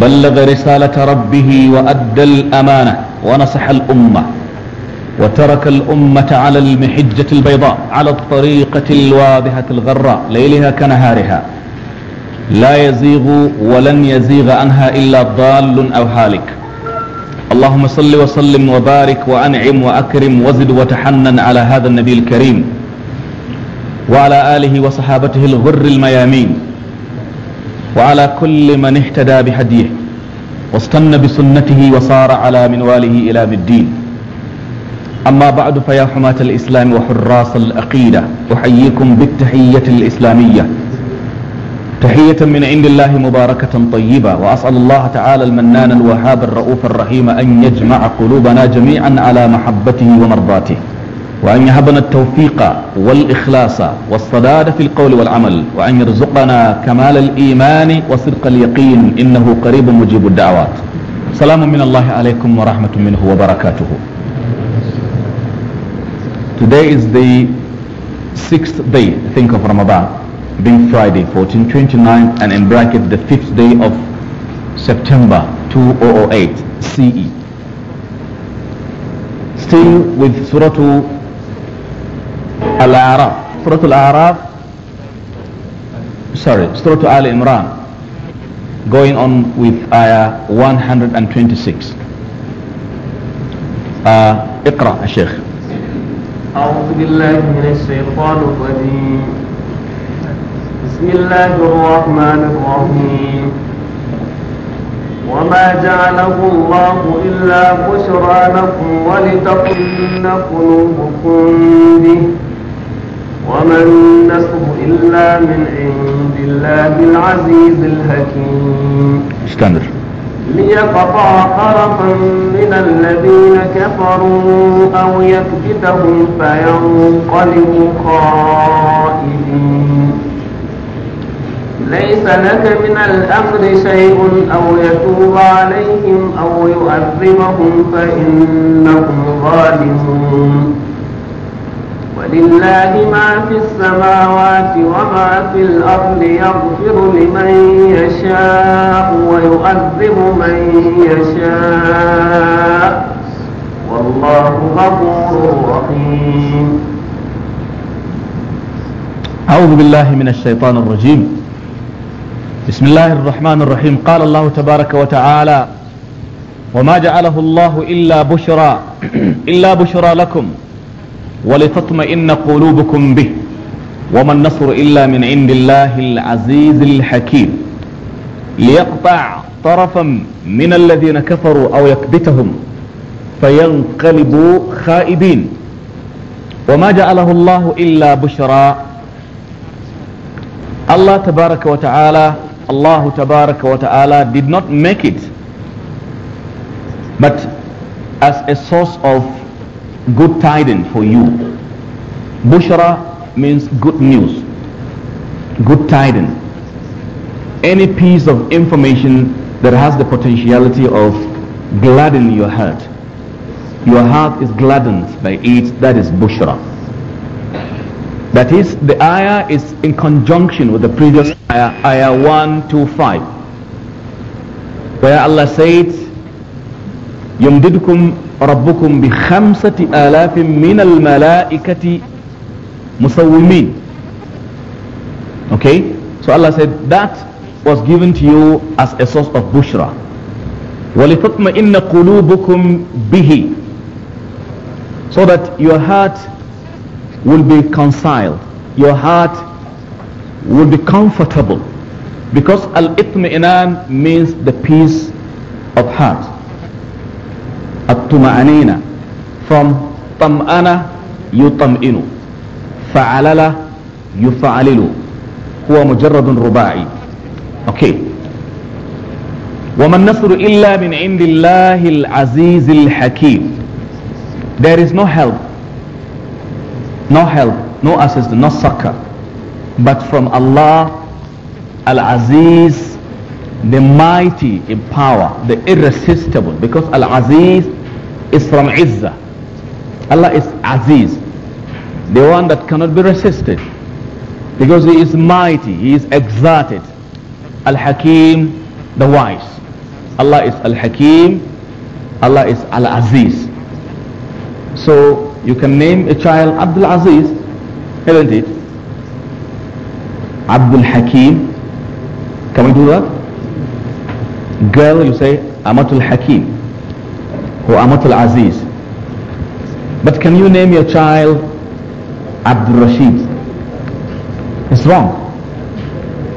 بلغ رسالة ربه وأدى الأمانة ونصح الأمة وترك الأمة على المحجة البيضاء على الطريقة الواضحة الغراء ليلها كنهارها لا يزيغ ولن يزيغ عنها إلا ضال أو هالك اللهم صل وسلم وبارك وأنعم وأكرم وزد وتحنن على هذا النبي الكريم وعلى آله وصحابته الغر الميامين وعلى كل من اهتدى بهديه واستنى بسنته وصار على منواله إلى الدين أما بعد فيا حماة الإسلام وحراس الأقيدة أحييكم بالتحية الإسلامية تحية من عند الله مباركة طيبة وأسأل الله تعالى المنان الوهاب الرؤوف الرحيم أن يجمع قلوبنا جميعا على محبته ومرضاته وأن يهبنا التوفيق والإخلاص والصداد في القول والعمل وأن يرزقنا كمال الإيمان وصدق اليقين إنه قريب مجيب الدعوات سلام من الله عليكم ورحمة منه وبركاته Today is the sixth day, I think of Ramadan, being Friday, 1429, and in bracket the fifth day of September 2008 CE. Still with Surah الأعراف سورة الأعراف sorry سورة آل عمران going on with آية 126 uh, آه، اقرأ يا شيخ أعوذ بالله من الشيطان الرجيم بسم الله الرحمن الرحيم وما جعله الله إلا بشرى لكم ولتطمئن قلوبكم به وما النصر إلا من عند الله العزيز الحكيم استمر ليقطع طرفا من الذين كفروا أو يكبتهم فينقلبوا خائبين ليس لك من الأمر شيء أو يتوب عليهم أو يؤذبهم فإنهم ظالمون ولله ما في السماوات وما في الأرض يغفر لمن يشاء ويؤذب من يشاء والله غفور رحيم أعوذ بالله من الشيطان الرجيم بسم الله الرحمن الرحيم قال الله تبارك وتعالى وما جعله الله إلا بشرى إلا بشرى لكم ولتطمئن قلوبكم به وما النصر إلا من عند الله العزيز الحكيم ليقطع طرفا من الذين كفروا أو يكبتهم فينقلبوا خائبين وما جعله الله إلا بشرى الله تبارك وتعالى الله تبارك وتعالى did not make it but as a source of good tidings for you. Bushra means good news, good tidings. Any piece of information that has the potentiality of gladdening your heart. Your heart is gladdened by it, that is bushra. That is, the ayah is in conjunction with the previous ayah, ayah 125, where Allah says, يمددكم ربكم بخمسة آلاف من الملائكة مسومين okay so Allah said that was given to you as a source of bushra وَلِتَطْمَئِنَّ قُلُوبُكُمْ بِهِ so that your heart will be conciled your heart will be comfortable because al-itmi'nan means the peace of heart الطمأنينة tumaanina From tam'ana, yutam'inu. Fa'alala, yufa'alilu. هو مجرد رباعي. Okay. وما النصر إلا من عند الله العزيز الحكيم. There is no help, no help, no assistance, no succor, but from Allah العزيز the mighty in power, the irresistible. Because Al-Aziz is from Izzah. Allah is Aziz, the one that cannot be resisted. Because He is mighty, He is exalted. Al-Hakim, the wise. Allah is Al-Hakim, Allah is Al-Aziz. So you can name a child Abdul Aziz, isn't it? Abdul Hakim. Can we do that? girl, you say Amatul Hakim or Amatul Aziz. But can you name your child Abdul Rashid? It's wrong.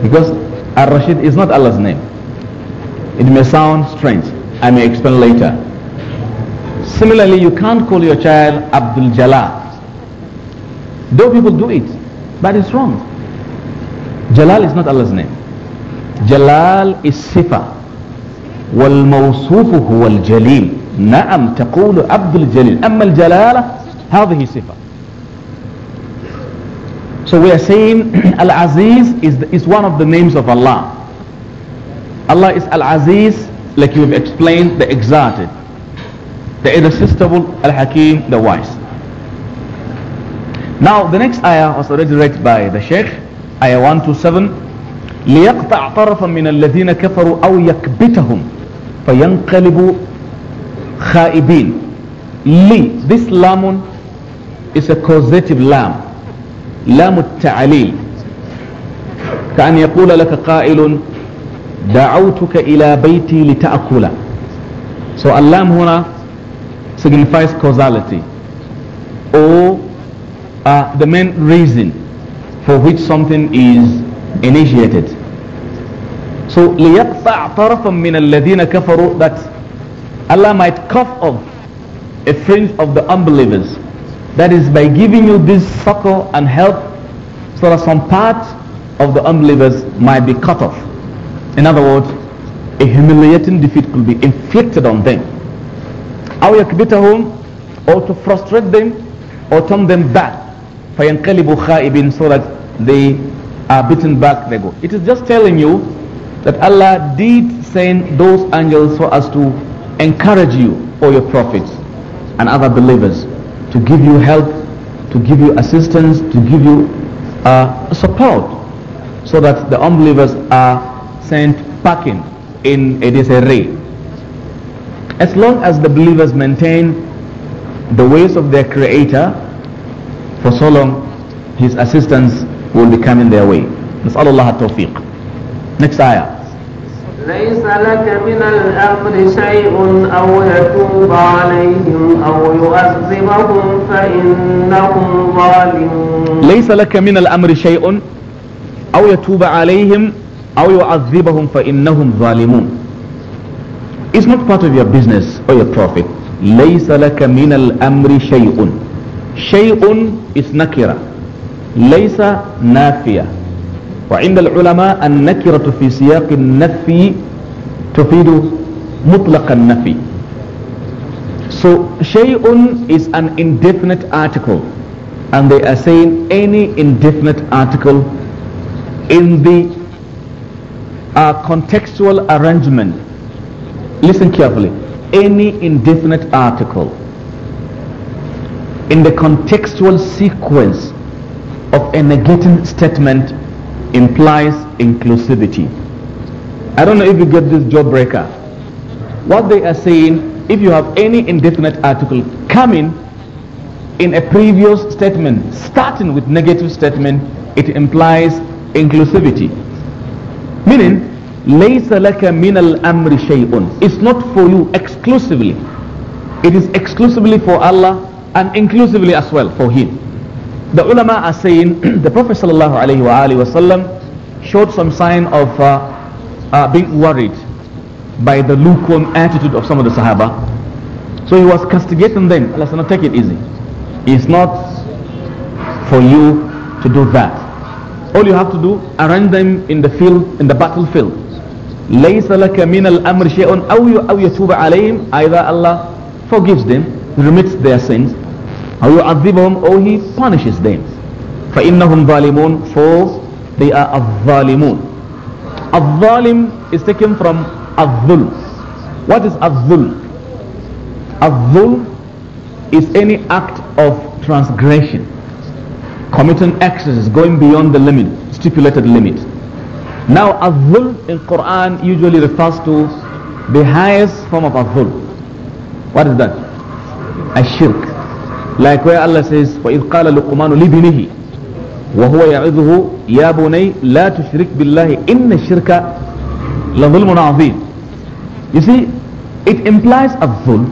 Because Al Rashid is not Allah's name. It may sound strange. I may explain later. Similarly, you can't call your child Abdul Jalal. Though people do it, but it's wrong. Jalal is not Allah's name. Jalal is Sifa. والموصوف هو الجليل نعم تقول عبد الجليل أما الجلالة هذه صفة So we are saying Al-Aziz is, the, is one of the names of Allah. Allah is Al-Aziz, like you've explained, the exalted, the irresistible, Al-Hakim, the wise. Now the next ayah was already read by the Sheikh, ayah 127. ليقطع طرفا من الذين كفروا أو يكبتهم فينقلبوا خائبين لي this lamun is a causative lam لام التعليل كأن يقول لك قائل دعوتك إلى بيتي لتأكل so اللام هنا signifies causality or uh, the main reason for which something is initiated So لِيَقْطَعْ مِنَ الَّذِينَ كَفَرُوا That Allah might cough off a fringe of the unbelievers. That is by giving you this succor and help so that some part of the unbelievers might be cut off. In other words, a humiliating defeat could be inflicted on them. أو يكبتهم or to frustrate them or turn them back. فَيَنْقَلِبُ خَائِبٍ So that they are beaten back, they go. It is just telling you that Allah did send those angels for us to encourage you or your prophets and other believers to give you help, to give you assistance, to give you uh, support so that the unbelievers are sent packing in a disarray. As long as the believers maintain the ways of their Creator, for so long His assistance will be coming their way. نسأل الله التوفيق. Next ayah. ليس لك من الأمر شيء أو يتوب عليهم أو يؤذبهم فإنهم ظالمون ليس لك من الأمر شيء أو يتوب عليهم أو يعذبهم فإنهم ظالمون It's not part of your business or your profit. ليس لك من الأمر شيء شيء is nakira ليس نافية وعند العلماء النكرة في سياق النفي تفيد مطلق النفي So شيء is an indefinite article and they are saying any indefinite article in the uh, contextual arrangement listen carefully any indefinite article in the contextual sequence of a negating statement implies inclusivity. I don't know if you get this jawbreaker. What they are saying, if you have any indefinite article coming in a previous statement, starting with negative statement, it implies inclusivity. Meaning, لَيْسَ لَكَ مِنَ الْأَمْرِ شَيْءٌ It's not for you exclusively. It is exclusively for Allah and inclusively as well for Him the ulama are saying the Prophet sallallahu alaihi wasallam showed some sign of uh, uh, being worried by the lukewarm attitude of some of the Sahaba. So he was castigating them. Allah said, not take it easy. It's not for you to do that. All you have to do, arrange them in the field, in the battlefield. لَيْسَ لَكَ مِنَ الْأَمْرِ شَيْءٌ أَوْ يَتُوبَ عَلَيْهِمْ Either Allah forgives them, remits their sins, or he punishes them فإنهم ظالمون false they are الظالمون الظالم is taken from الظلم what is الظلم الظلم is any act of transgression committing excesses going beyond the limit stipulated limit now الظلم in Quran usually refers to the highest form of الظلم what is that? A shirk Likewise, Allah says, وَإِذْ قَالَ لُقْمَانُ لِبْنِهِ وَهُوَ يَعِظُهُ يَا بُنَيْ لَا تُشْرِكْ بِاللَّهِ إِنَّ الشِّرْكَ لَظُلْمٌ عَظِيمٌ You see, it implies a dhulm.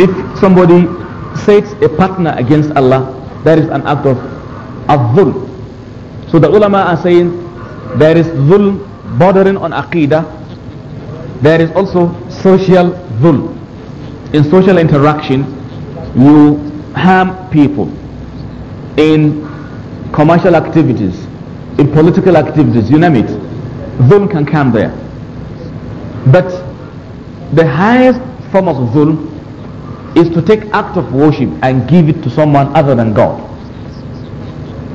If somebody sets a partner against Allah, that is an act of a dhulm. So the ulama are saying there is dhulm bordering on aqidah. There is also social dhulm. In social interaction, you harm people in commercial activities, in political activities, you name it, zulm can come there. But the highest form of zulm is to take act of worship and give it to someone other than God.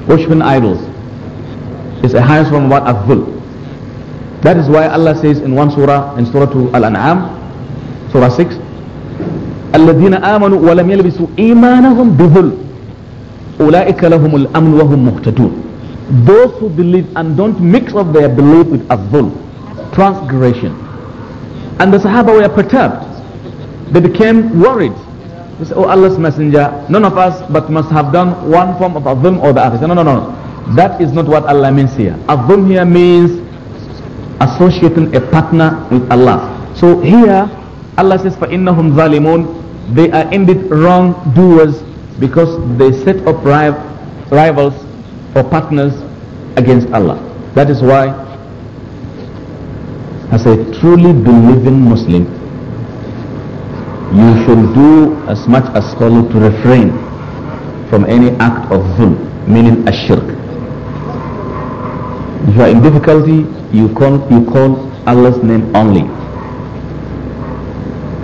Worshipping idols is a highest form of what zulm. That is why Allah says in one surah, in Surah Al-An'am, Surah 6, الذين آمنوا ولم يلبسوا إيمانهم بظلم أولئك لهم الأمن وهم مهتدون Those who believe and don't mix up their belief with azul, transgression. And the Sahaba were perturbed. They became worried. They said, Oh Allah's Messenger, none of us but must have done one form of azul or the other. No, no, no, no. That is not what Allah means here. Azul here means associating a partner with Allah. So here Allah says, "For innahum zalimun." they are indeed wrongdoers because they set up rivals or partners against Allah. That is why, as a truly believing Muslim, you should do as much as possible to refrain from any act of zulm, meaning ashirk. If you are in difficulty, you call, you call Allah's name only.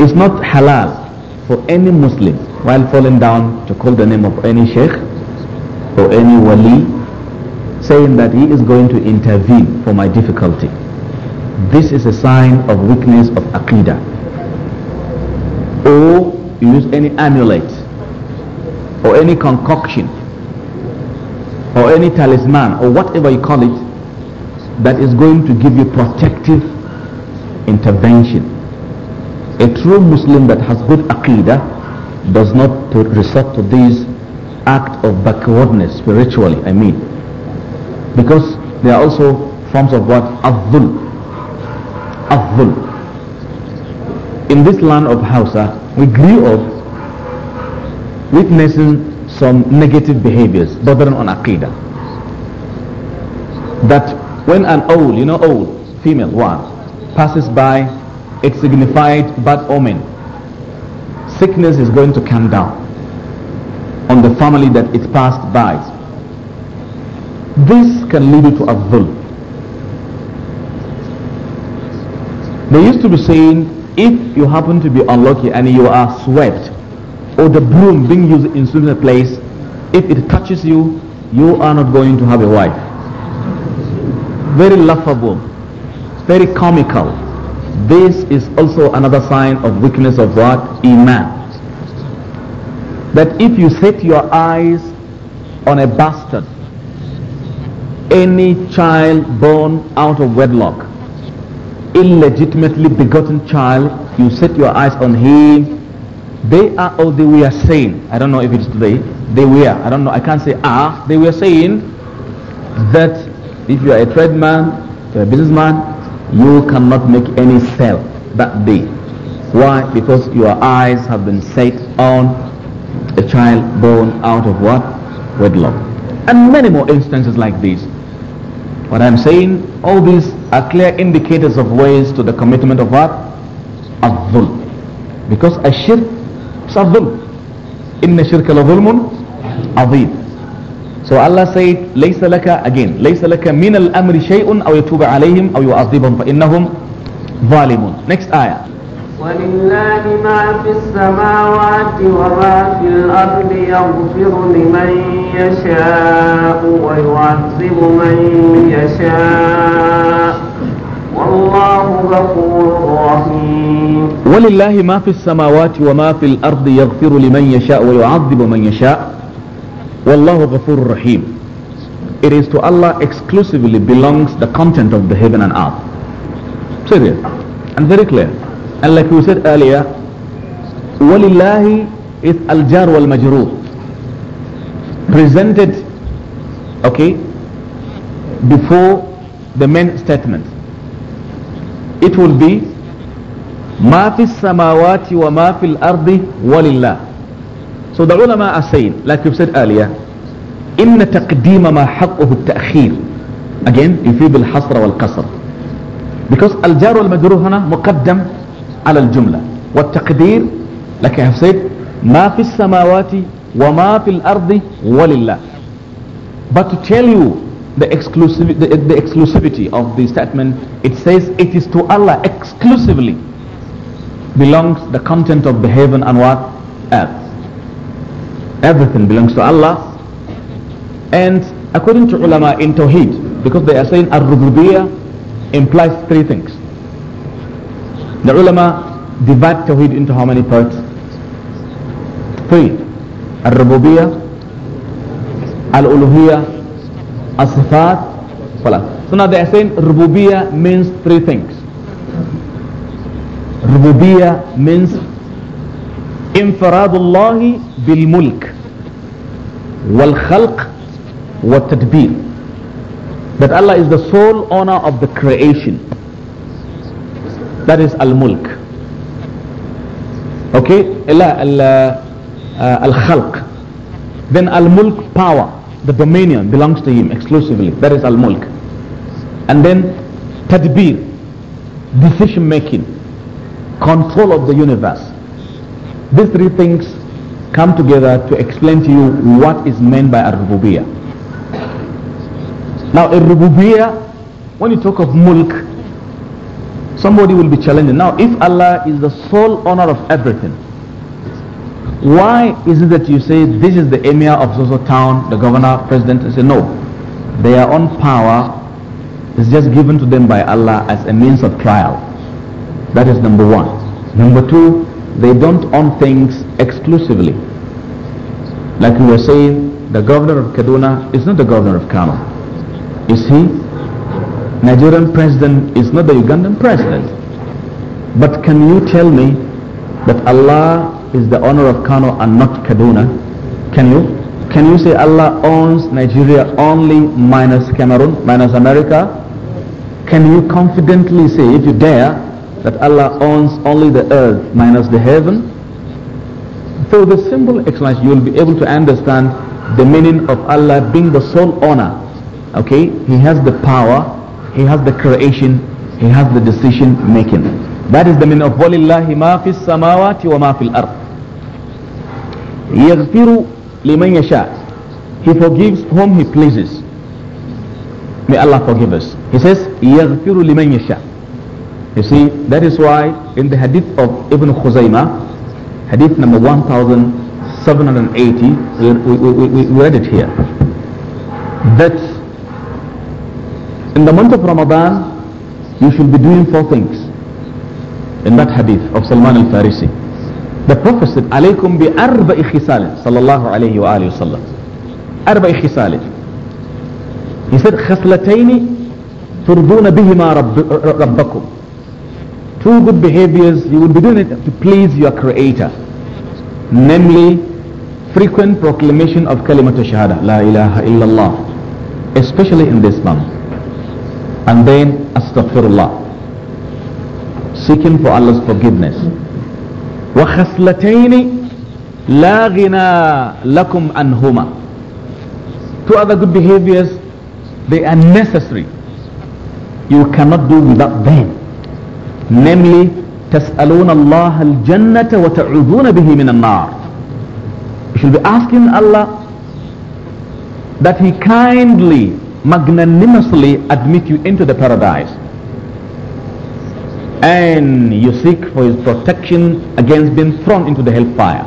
It's not halal for any Muslim while falling down to call the name of any sheikh or any wali saying that he is going to intervene for my difficulty. This is a sign of weakness of aqidah. Or use any amulet or any concoction or any talisman or whatever you call it that is going to give you protective intervention a true Muslim that has good aqidah does not resort to these act of backwardness spiritually, I mean. Because there are also forms of what? Abdul. Abdul. In this land of Hausa, we grew up witnessing some negative behaviors bordering on aqidah. That when an old, you know old, female one, passes by it signified bad omen. Sickness is going to come down on the family that it passed by. This can lead you to a dhul. They used to be saying, if you happen to be unlucky and you are swept, or the broom being used in similar place, if it touches you, you are not going to have a wife. Very laughable, very comical. This is also another sign of weakness of what? Iman. That if you set your eyes on a bastard, any child born out of wedlock, illegitimately begotten child, you set your eyes on him, they are all they were saying, I don't know if it's today, they were, I don't know, I can't say ah, they were saying that if you are a trade man, a businessman, you cannot make any sale that day. Why? Because your eyes have been set on a child born out of what? Wedlock. And many more instances like these. What I'm saying, all these are clear indicators of ways to the commitment of what? Al-dhul. Because a shirk is a dhul. إن الشرك لظلم عظيم So Allah said, لَيْسَ لَكَ Again, لَيْسَ لَكَ مِنَ الْأَمْرِ شَيْءٌ أَوْ يَتُوبَ عَلَيْهِمْ أَوْ يُعَذِّبَهُمْ فَإِنَّهُمْ ظَالِمُونَ Next ayah. ولله ما في السماوات وما في الأرض يغفر لمن يشاء ويعذب من يشاء والله غفور رحيم ولله ما في السماوات وما في الأرض يغفر لمن يشاء ويعذب من يشاء Wallahu ghafur rahim. It is to Allah exclusively belongs the content of the heaven and earth. Serious and very clear. And like we said earlier, وَلِلَّهِ is al-jar wal Presented, okay, before the main statement. It will be مَا فِي wa وَمَا فِي الْأَرْضِ وَلِلَّهِ So the ulama are saying, like we've said earlier, إن تقديم ما حقه التأخير again يفيد الحصر والقصر because الجار والمجرور هنا مقدم على الجملة والتقدير like I have said ما في السماوات وما في الأرض ولله but to tell you the, exclusivity, the, the exclusivity of the statement it says it is to Allah exclusively belongs the content of the heaven and what earth Everything belongs to Allah. And according to ulama in Tawheed, because they are saying Ar-Rububiyyah implies three things. The ulama divide Tawheed into how many parts? Three. Ar-Rububiyyah, Al-Uluhiyyah, As-Sifat, So now they are saying Rububiyyah means three things. Rububiyyah means انفراد الله بالملك والخلق والتدبير that Allah is the sole owner of the creation that is al-mulk okay uh, uh, al-khalq then al-mulk power the dominion belongs to him exclusively that is al-mulk and then tadbir decision making control of the universe these three things come together to explain to you what is meant by ar Now, ar when you talk of mulk, somebody will be challenging. Now, if Allah is the sole owner of everything, why is it that you say this is the emir of Zozo town, the governor, president? and say no. Their own power is just given to them by Allah as a means of trial. That is number one. Number two, they don't own things exclusively. Like we were saying, the governor of Kaduna is not the governor of Kano. Is he? Nigerian president is not the Ugandan president. But can you tell me that Allah is the owner of Kano and not Kaduna? Can you? Can you say Allah owns Nigeria only minus Cameroon, minus America? Can you confidently say, if you dare, that Allah owns only the earth minus the heaven? Through this simple explanation, you will be able to understand the meaning of Allah being the sole owner. Okay? He has the power, He has the creation, He has the decision making. That is the meaning of وَلِلَّهِ مَا فِي السَّمَاوَاتِ وَمَا فِي الْأَرْضِ يَغْفِرُ لِمَنْ يَشَاءُ He forgives whom He pleases. May Allah forgive us. He says, يَغْفِرُ لِمَنْ يَشَاءُ You see, that is why in the hadith of Ibn Khuzayma, hadith number 1780, we, we, we, we read it here, that in the month of Ramadan, you should be doing four things. In that hadith of Salman al-Farisi, the Prophet said, "Alaykum bi arba'i khisalin," sallallahu alayhi wa alihi wasallam. Arba'i khisalin. He said, "Khaslataini turduna bihima rabbakum." through good behaviors, you will be doing it to please your Creator. Namely, frequent proclamation of Kalimat Shahada, La ilaha illallah, especially in this month. And then, Astaghfirullah, seeking for Allah's forgiveness. وخصلتين لا غنى لكم عنهما Two other good behaviors, they are necessary. You cannot do without them namely تسألون الله الجنة وتعوذون به من النار you should be asking Allah that he kindly magnanimously admit you into the paradise and you seek for his protection against being thrown into the hellfire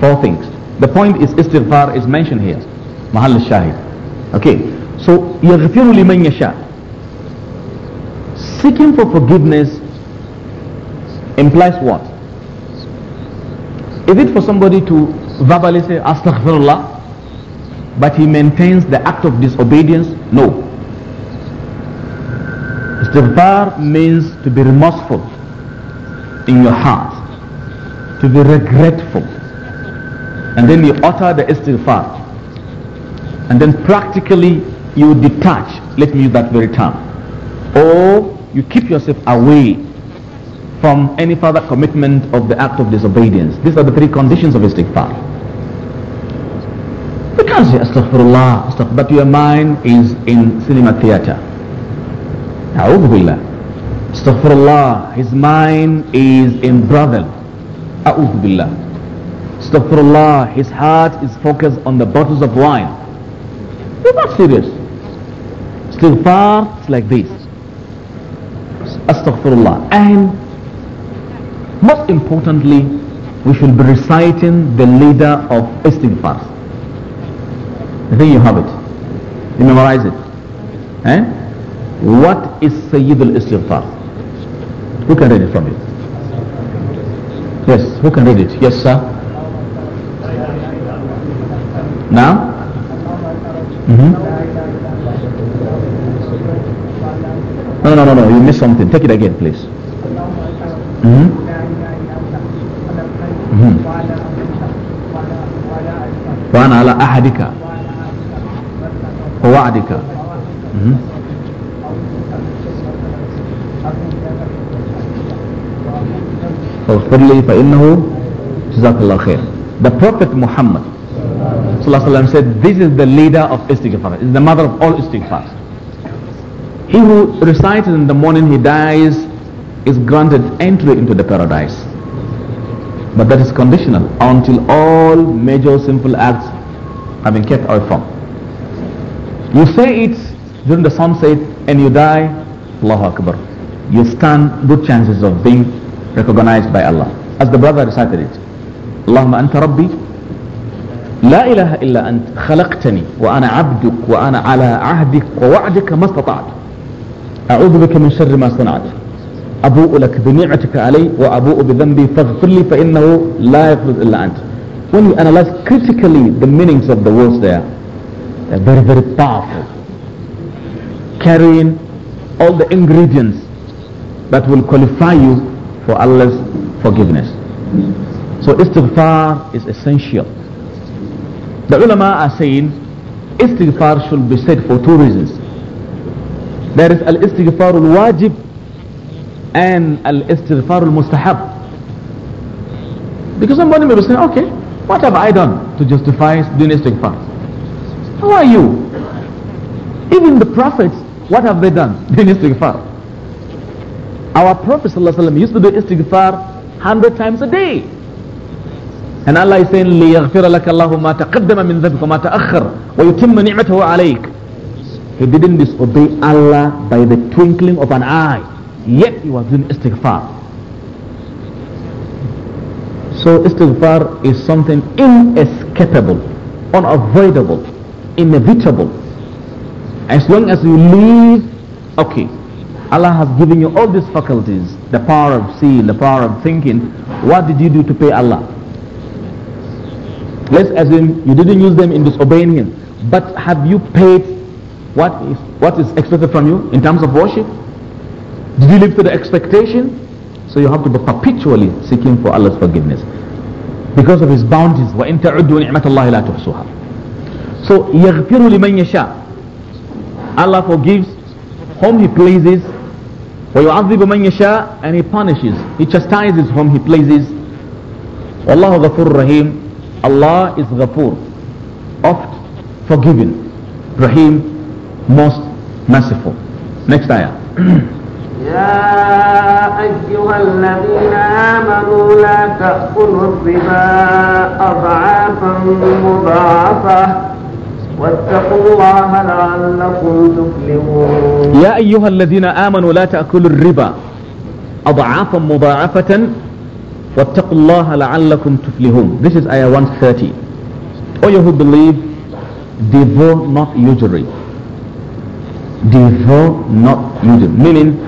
four things the point is istighfar is mentioned here mahal shahid okay so يغفر لمن shah seeking for forgiveness implies what? Is it for somebody to verbally say astaghfirullah but he maintains the act of disobedience? No. Istighfar means to be remorseful in your heart, to be regretful. And then you utter the istighfar. And then practically you detach, let me use that very term, or you keep yourself away from any further commitment of the act of disobedience. These are the three conditions of istighfar. You can't say astaghfirullah, astaghfirullah, but your mind is in cinema theater. A'udhu billah. Astaghfirullah, his mind is in brothel. A'udhu billah. Astaghfirullah, his heart is focused on the bottles of wine. You're not serious. far, it's like this astaghfirullah. And most importantly, we should be reciting the leader of istighfar. I think you have it. You memorize it. Eh? What is Sayyid al-Istighfar? Who can read it from you? Yes, who can read it? Yes, sir. Now? Mm -hmm. No, no, no, no. You missed something. Take it again, please. Mm-hmm. Mm-hmm. وأنا على أحدك ووعدك فاغفر لي فإنه جزاك الله خير. The Prophet Muhammad صلى الله عليه وسلم said this is the leader of istighfar. It's the mother of all istighfar. He who recites in the morning he dies is granted entry into the paradise. But that is conditional until all major sinful acts have been kept away from. You say it during the sunset and you die, Allahu Akbar. You stand good chances of being recognized by Allah. As the brother recited it. Allahumma anta rabbi illa ant, إلا wa ana abduk wa ana ala ahdik wa wadika استطعت أعوذ بك من شر ما صنعت أبوء لك بنعمتك علي وأبوء بذنبي فاغفر لي فإنه لا يغفر إلا أنت when you analyze critically the meanings of the words there they're very very powerful carrying all the ingredients that will qualify you for Allah's forgiveness so istighfar is essential the ulama are saying istighfar should be said for two reasons There is al-istighfar al-wajib and al-istighfar al-mustahab. Because somebody may be saying, okay, what have I done to justify doing istighfar? How are you? Even the prophets, what have they done? Doing istighfar. Our Prophet ﷺ used to do istighfar 100 times a day. And Allah is saying, لِيَغْفِرَ لَكَ اللَّهُ مَا تَقَدَّمَ مِنْ ذَبِكَ وَمَا تَأَخَّرَ وَيُتِمَّ نِعْمَتَهُ عَلَيْكَ He didn't disobey Allah by the twinkling of an eye. Yet he was doing istighfar. So istighfar is something inescapable, unavoidable, inevitable. As long as you live, okay, Allah has given you all these faculties, the power of seeing, the power of thinking. What did you do to pay Allah? Let's assume you didn't use them in disobeying Him. But have you paid what is, what is expected from you in terms of worship? Did you live to the expectation? So you have to be perpetually seeking for Allah's forgiveness because of His bounties. وَإِن تَعُدُّوا نِعْمَةَ اللَّهِ لَا تُحْصُوهَا So Allah forgives whom He pleases وَيُعَذِّبُ مَنْ يَشَاءُ And He punishes, He chastises whom He pleases. وَاللَّهُ ghafur Rahim. Allah is Ghafur, oft forgiving, Rahim, most merciful next ayah يا أيها الذين آمنوا لا تأكلوا الربا أضعافا مضاعفة واتقوا الله لعلكم تفلحون يا أيها الذين آمنوا لا تأكلوا الربا أضعافا مضاعفة واتقوا الله لعلكم تفلحون This is ayah 130 All you who believe devour not usury devour not you Meaning,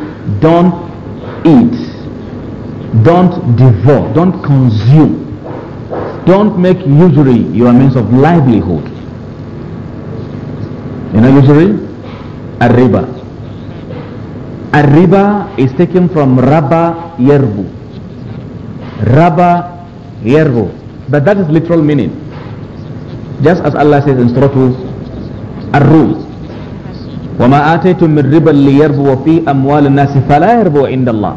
don't eat, don't devour, don't consume, don't make usury your means of livelihood. You know usury? A riba. A riba is taken from rabba yerbu. Rabba yerbu. But that is literal meaning. Just as Allah says in Surah Ar-Rum, وما آتيتم من ربا ليربو في أموال الناس فلا يربو عند الله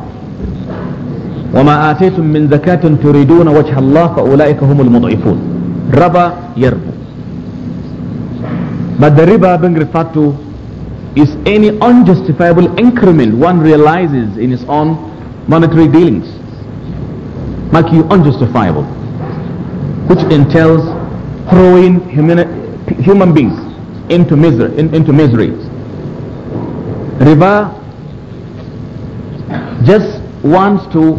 وما آتيتم من زكاة تريدون وجه الله فأولئك هم المضعفون ربا يربو But the riba being referred to is any unjustifiable increment one realizes in his own monetary dealings. Make you unjustifiable. Which entails throwing human, human beings into misery, in, into misery riba just wants to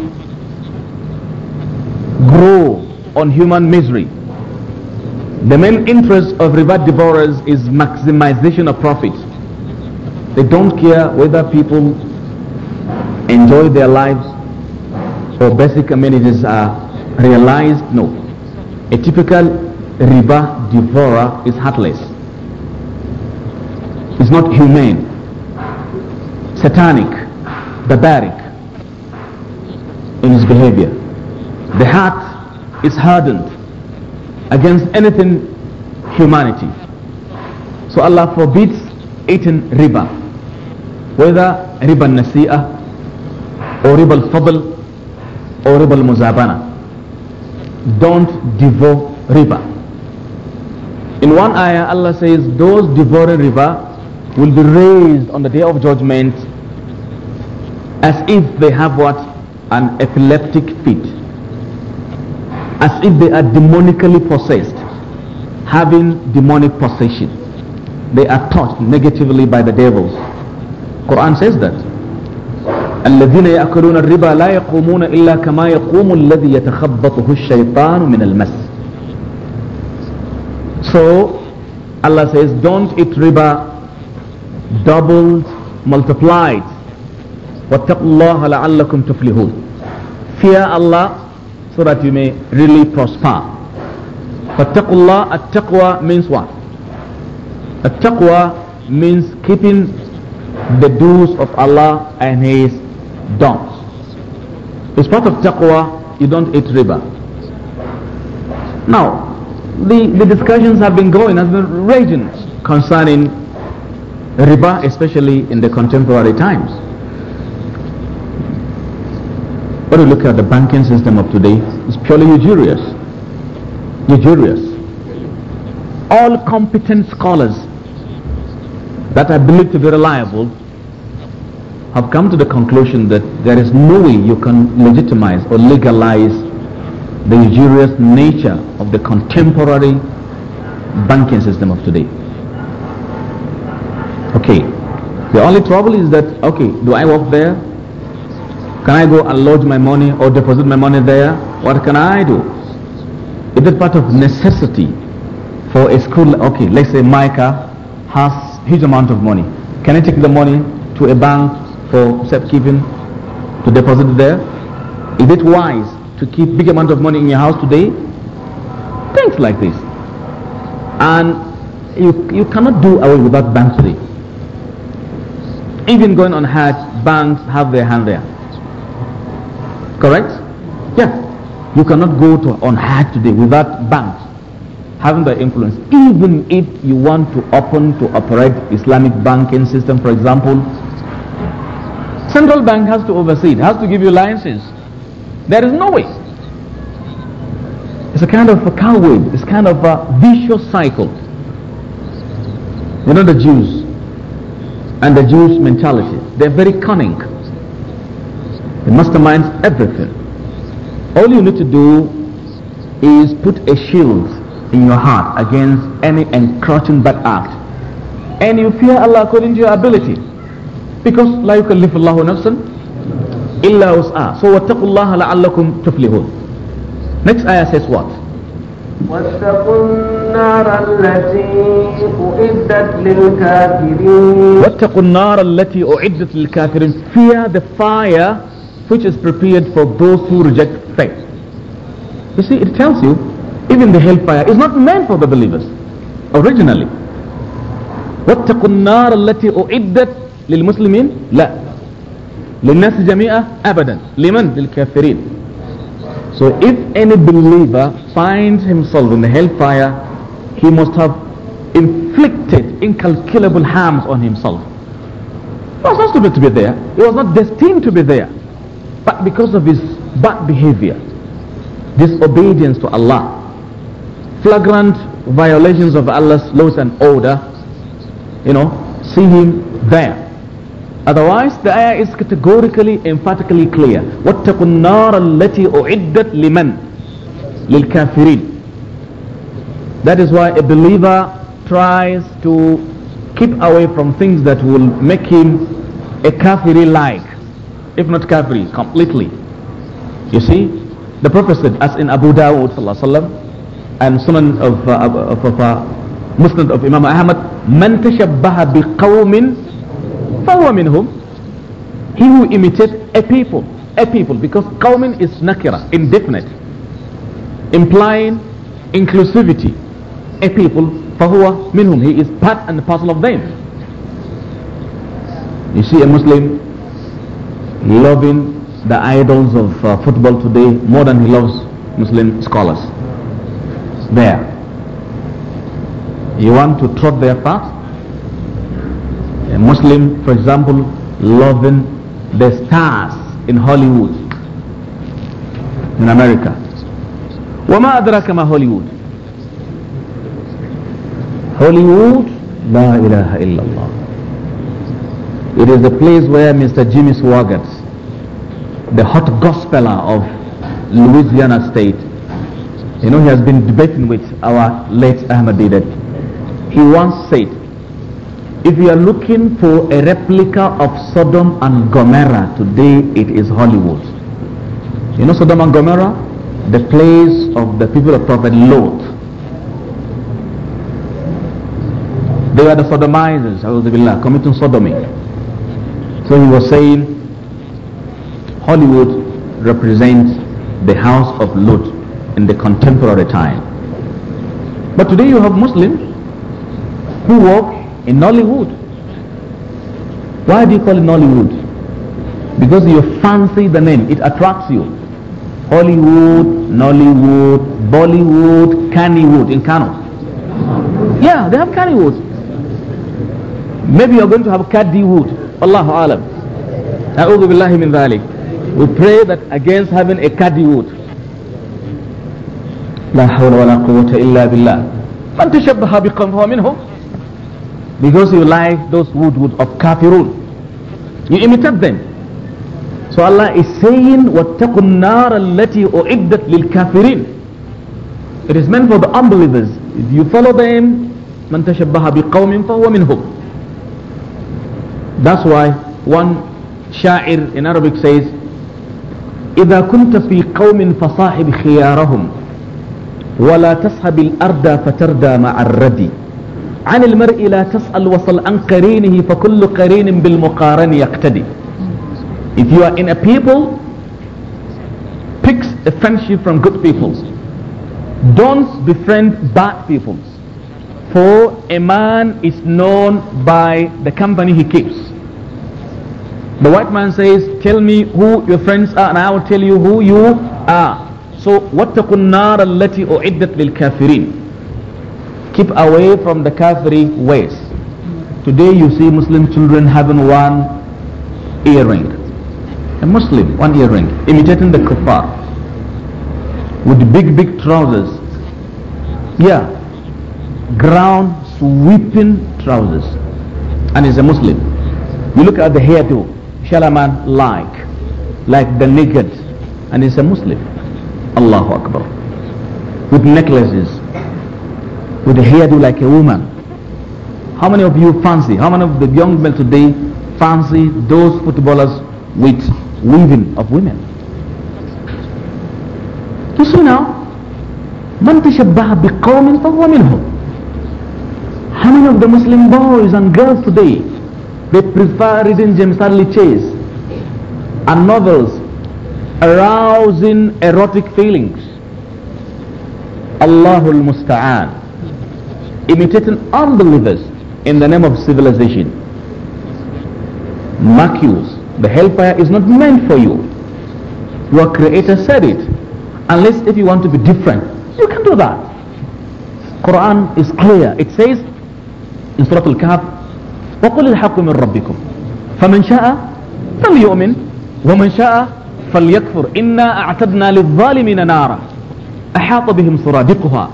grow on human misery. The main interest of riba devourers is maximization of profit. They don't care whether people enjoy their lives or basic amenities are realized. No. A typical riba devourer is heartless. It's not humane satanic, barbaric in his behavior. The heart is hardened against anything humanity. So Allah forbids eating riba, whether riba nasi'ah or riba al-fadl or riba al-muzabana. Don't devour riba. In one ayah, Allah says, those devouring riba will be raised on the day of judgment as if they have what an epileptic fit as if they are demonically possessed having demonic possession they are taught negatively by the devils quran says that الذين يأكلون الربا لا يقومون إلا كما يقوم الذي يتخبطه الشيطان من المس So Allah says don't eat riba doubled multiplied وَاتَّقُوا اللَّهَ لَعَلَّكُمْ تُفْلِحُونَ Fear Allah so that you may really prosper. فَاتَّقُوا اللَّهَ التَّقْوَى means what? At-taqwa means keeping the do's of Allah and His don'ts. It's part of taqwa, you don't eat riba. Now, the, the discussions have been going, has been raging concerning riba, especially in the contemporary times. But you look at the banking system of today, it's purely usurious. Usurious. All competent scholars that I believe to be reliable have come to the conclusion that there is no way you can legitimize or legalize the usurious nature of the contemporary banking system of today. Okay. The only trouble is that, okay, do I work there? Can I go and lodge my money or deposit my money there? What can I do? Is it part of necessity for a school? Okay, let's say Micah has huge amount of money. Can I take the money to a bank for safekeeping to deposit there? Is it wise to keep big amount of money in your house today? Things like this. And you, you cannot do away without banks today. Even going on hard, banks have their hand there Correct? Yeah. You cannot go to, on high today without banks having the influence. Even if you want to open to operate Islamic banking system, for example, central bank has to oversee it, has to give you licenses. There is no way. It's a kind of a coward. It's kind of a vicious cycle. You know the Jews and the Jewish mentality. They're very cunning. It masterminds everything. All you need to do is put a shield in your heart against any encroaching bad act. And you fear Allah according to your ability. Because لا يكلف الله نفسا إلا وسعها. So واتقوا الله لعلكم تفلحون. Next ayah says what? واتقوا النار التي أعدت للكافرين واتقوا النار التي أعدت للكافرين fear the fire which is prepared for those who reject faith. You see, it tells you even the hellfire is not meant for the believers originally. واتقوا النار التي أعدت للمسلمين لا للناس جميعا أبدا لمن للكافرين So if any believer finds himself in the hellfire, he must have inflicted incalculable harms on himself. He was not supposed to be there. He was not destined to be there. But because of his bad behavior, disobedience to Allah, flagrant violations of Allah's laws and order, you know, see him there. Otherwise, the ayah is categorically, emphatically clear. وَاتَّقُوا النَّارَ الَّتِي أُعِدَّتْ لِمَنْ لِلْكَافِرِينَ That is why a believer tries to keep away from things that will make him a kafiri-like if not kafiri, completely. You see, the Prophet said, as in Abu Dawud وسلم, and Sunan of, uh, of, of uh, Muslim of Imam Ahmad, من تشبه "Kawmin," for whom? He who imitates a people, a people, because qawmin is nakira, indefinite, implying inclusivity. A people, فهو منهم. He is part and parcel of them. You see a Muslim loving the idols of uh, football today more than he loves Muslim scholars. There. You want to trot their path? A Muslim, for example, loving the stars in Hollywood, in America. وما أدراك ما هوليوود هوليوود لا إله إلا الله It is the place where Mr. Jimmy Swaggart the hot gospeler of Louisiana State. You know, he has been debating with our late Ahmed Didat. He once said, if you are looking for a replica of Sodom and Gomorrah, today it is Hollywood. You know Sodom and Gomorrah? The place of the people of Prophet Lot. They were the sodomizers, committing sodomy. So he was saying, Hollywood represents the house of Lut in the contemporary time. But today you have Muslims who work in Nollywood. Why do you call it Nollywood? Because you fancy the name, it attracts you. Hollywood, Nollywood, Bollywood, Cannywood, in Kano. Yeah, they have Cannywood. Maybe you're going to have Caddywood. Allahu Alam. A'udhu billahi min dhalik we pray that against having a cardioid. wood لا حول ولا قوة إلا بالله من تشبه بقوم هو منهم because you like those wood wood of kafirun you imitate them so Allah is saying, وَاتَّقُوا النَّارَ الَّتِي أُعِدَّتْ لِلْكَافِرِينَ It is meant for the unbelievers. If you follow them, مَنْ تَشَبَّهَ بِقَوْمٍ فَهُوَ مِنْهُمْ That's why one sha'ir in Arabic says, إذا كنت في قوم فصاحب خيارهم ولا تصحب الأرض فتردى مع الردي عن المرء لا تسأل وصل عن قرينه فكل قرين بالمقارن يقتدي If you are in a people picks a friendship from good people don't befriend bad people for a man is known by the company he keeps The white man says, tell me who your friends are and I will tell you who you are. So, what وَاتَّقُوا النَّارَ الَّتِي lil kafirin? Keep away from the kafiri ways. Today you see Muslim children having one earring. A Muslim, one earring, imitating the kuffar. With big, big trousers. Yeah. Ground sweeping trousers. And he's a Muslim. You look at the hairdo shall a man like? Like the naked. And he's a Muslim. Allahu Akbar. With necklaces. With a hairdo like a woman. How many of you fancy? How many of the young men today fancy those footballers with weaving of women? You see now, من تشبه بقوم فهو منهم. How many of the Muslim boys and girls today they prefer reading James Stanley Chase and novels arousing erotic feelings. Allahul Musta'an. Imitating unbelievers in the name of civilization. Mark the hellfire is not meant for you. Your creator said it. Unless if you want to be different, you can do that. Quran is clear. It says in Surah Al-Kahf, وقل الحق من ربكم فمن شاء فليؤمن ومن شاء فليكفر إنا أعتدنا للظالمين نارا أحاط بهم سرادقها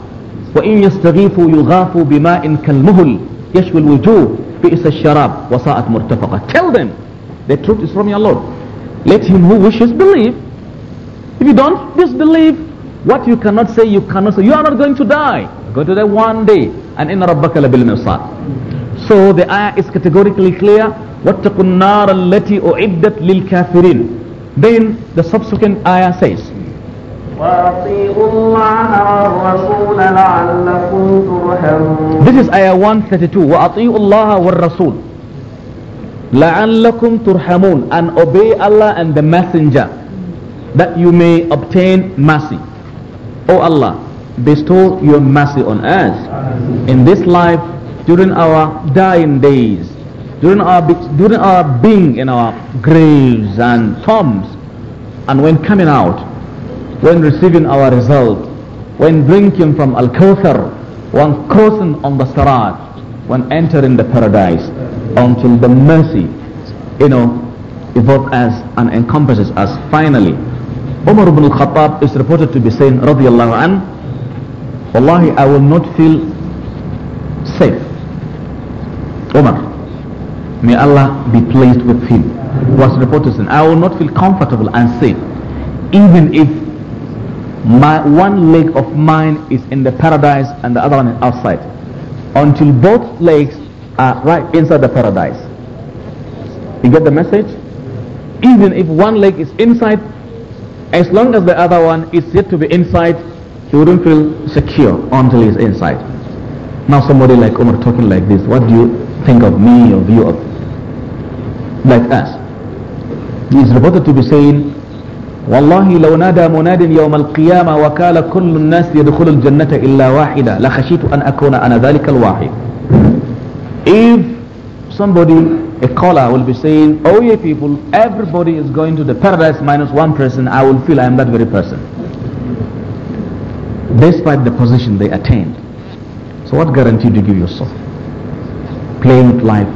وإن يستغيثوا يغاثوا بماء كالمهل يشوي الوجوه بئس الشراب وساءت مرتفقة tell them the truth is from your Lord let him who wishes believe if you don't disbelieve what you cannot say you cannot say you are not going to die go to die one day and إن ربك لبالمرصاد So the ayah is categorically clear. وَاتَّقُوا النَّارَ الَّتِي أُعِدَّتْ لِلْكَافِرِينَ Then the subsequent ayah says, This is ayah 132. وَأَطِيعُوا اللَّهَ وَالرَّسُولَ لَعَلَّكُمْ تُرْحَمُونَ And obey Allah and the messenger that you may obtain mercy. O oh Allah, bestow your mercy on us in this life during our dying days, during our, during our being in our graves and tombs, and when coming out, when receiving our result, when drinking from Al-Kawthar, when crossing on the Sarat, when entering the paradise, until the mercy, you know, evolves us and encompasses us finally. Umar ibn al-Khattab is reported to be saying, radiallahu an, Wallahi, I will not feel May Allah be pleased with him. Was reported saying, I will not feel comfortable and safe even if my one leg of mine is in the paradise and the other one is outside until both legs are right inside the paradise. You get the message? Even if one leg is inside, as long as the other one is yet to be inside, he wouldn't feel secure until he's inside. Now somebody like Omar talking like this, what do you think of me or you of like us. He is reported to be saying, والله لو نادى مناد يوم القيامة وكال كل الناس يدخل الجنة إلا واحدة لخشيت أن أكون أنا ذلك الواحد If somebody, a caller will be saying, oh yeah, people, everybody is going to the paradise minus one person, I will feel I am that very person. Despite the position they attained. So what guarantee do you give yourself? playing with life,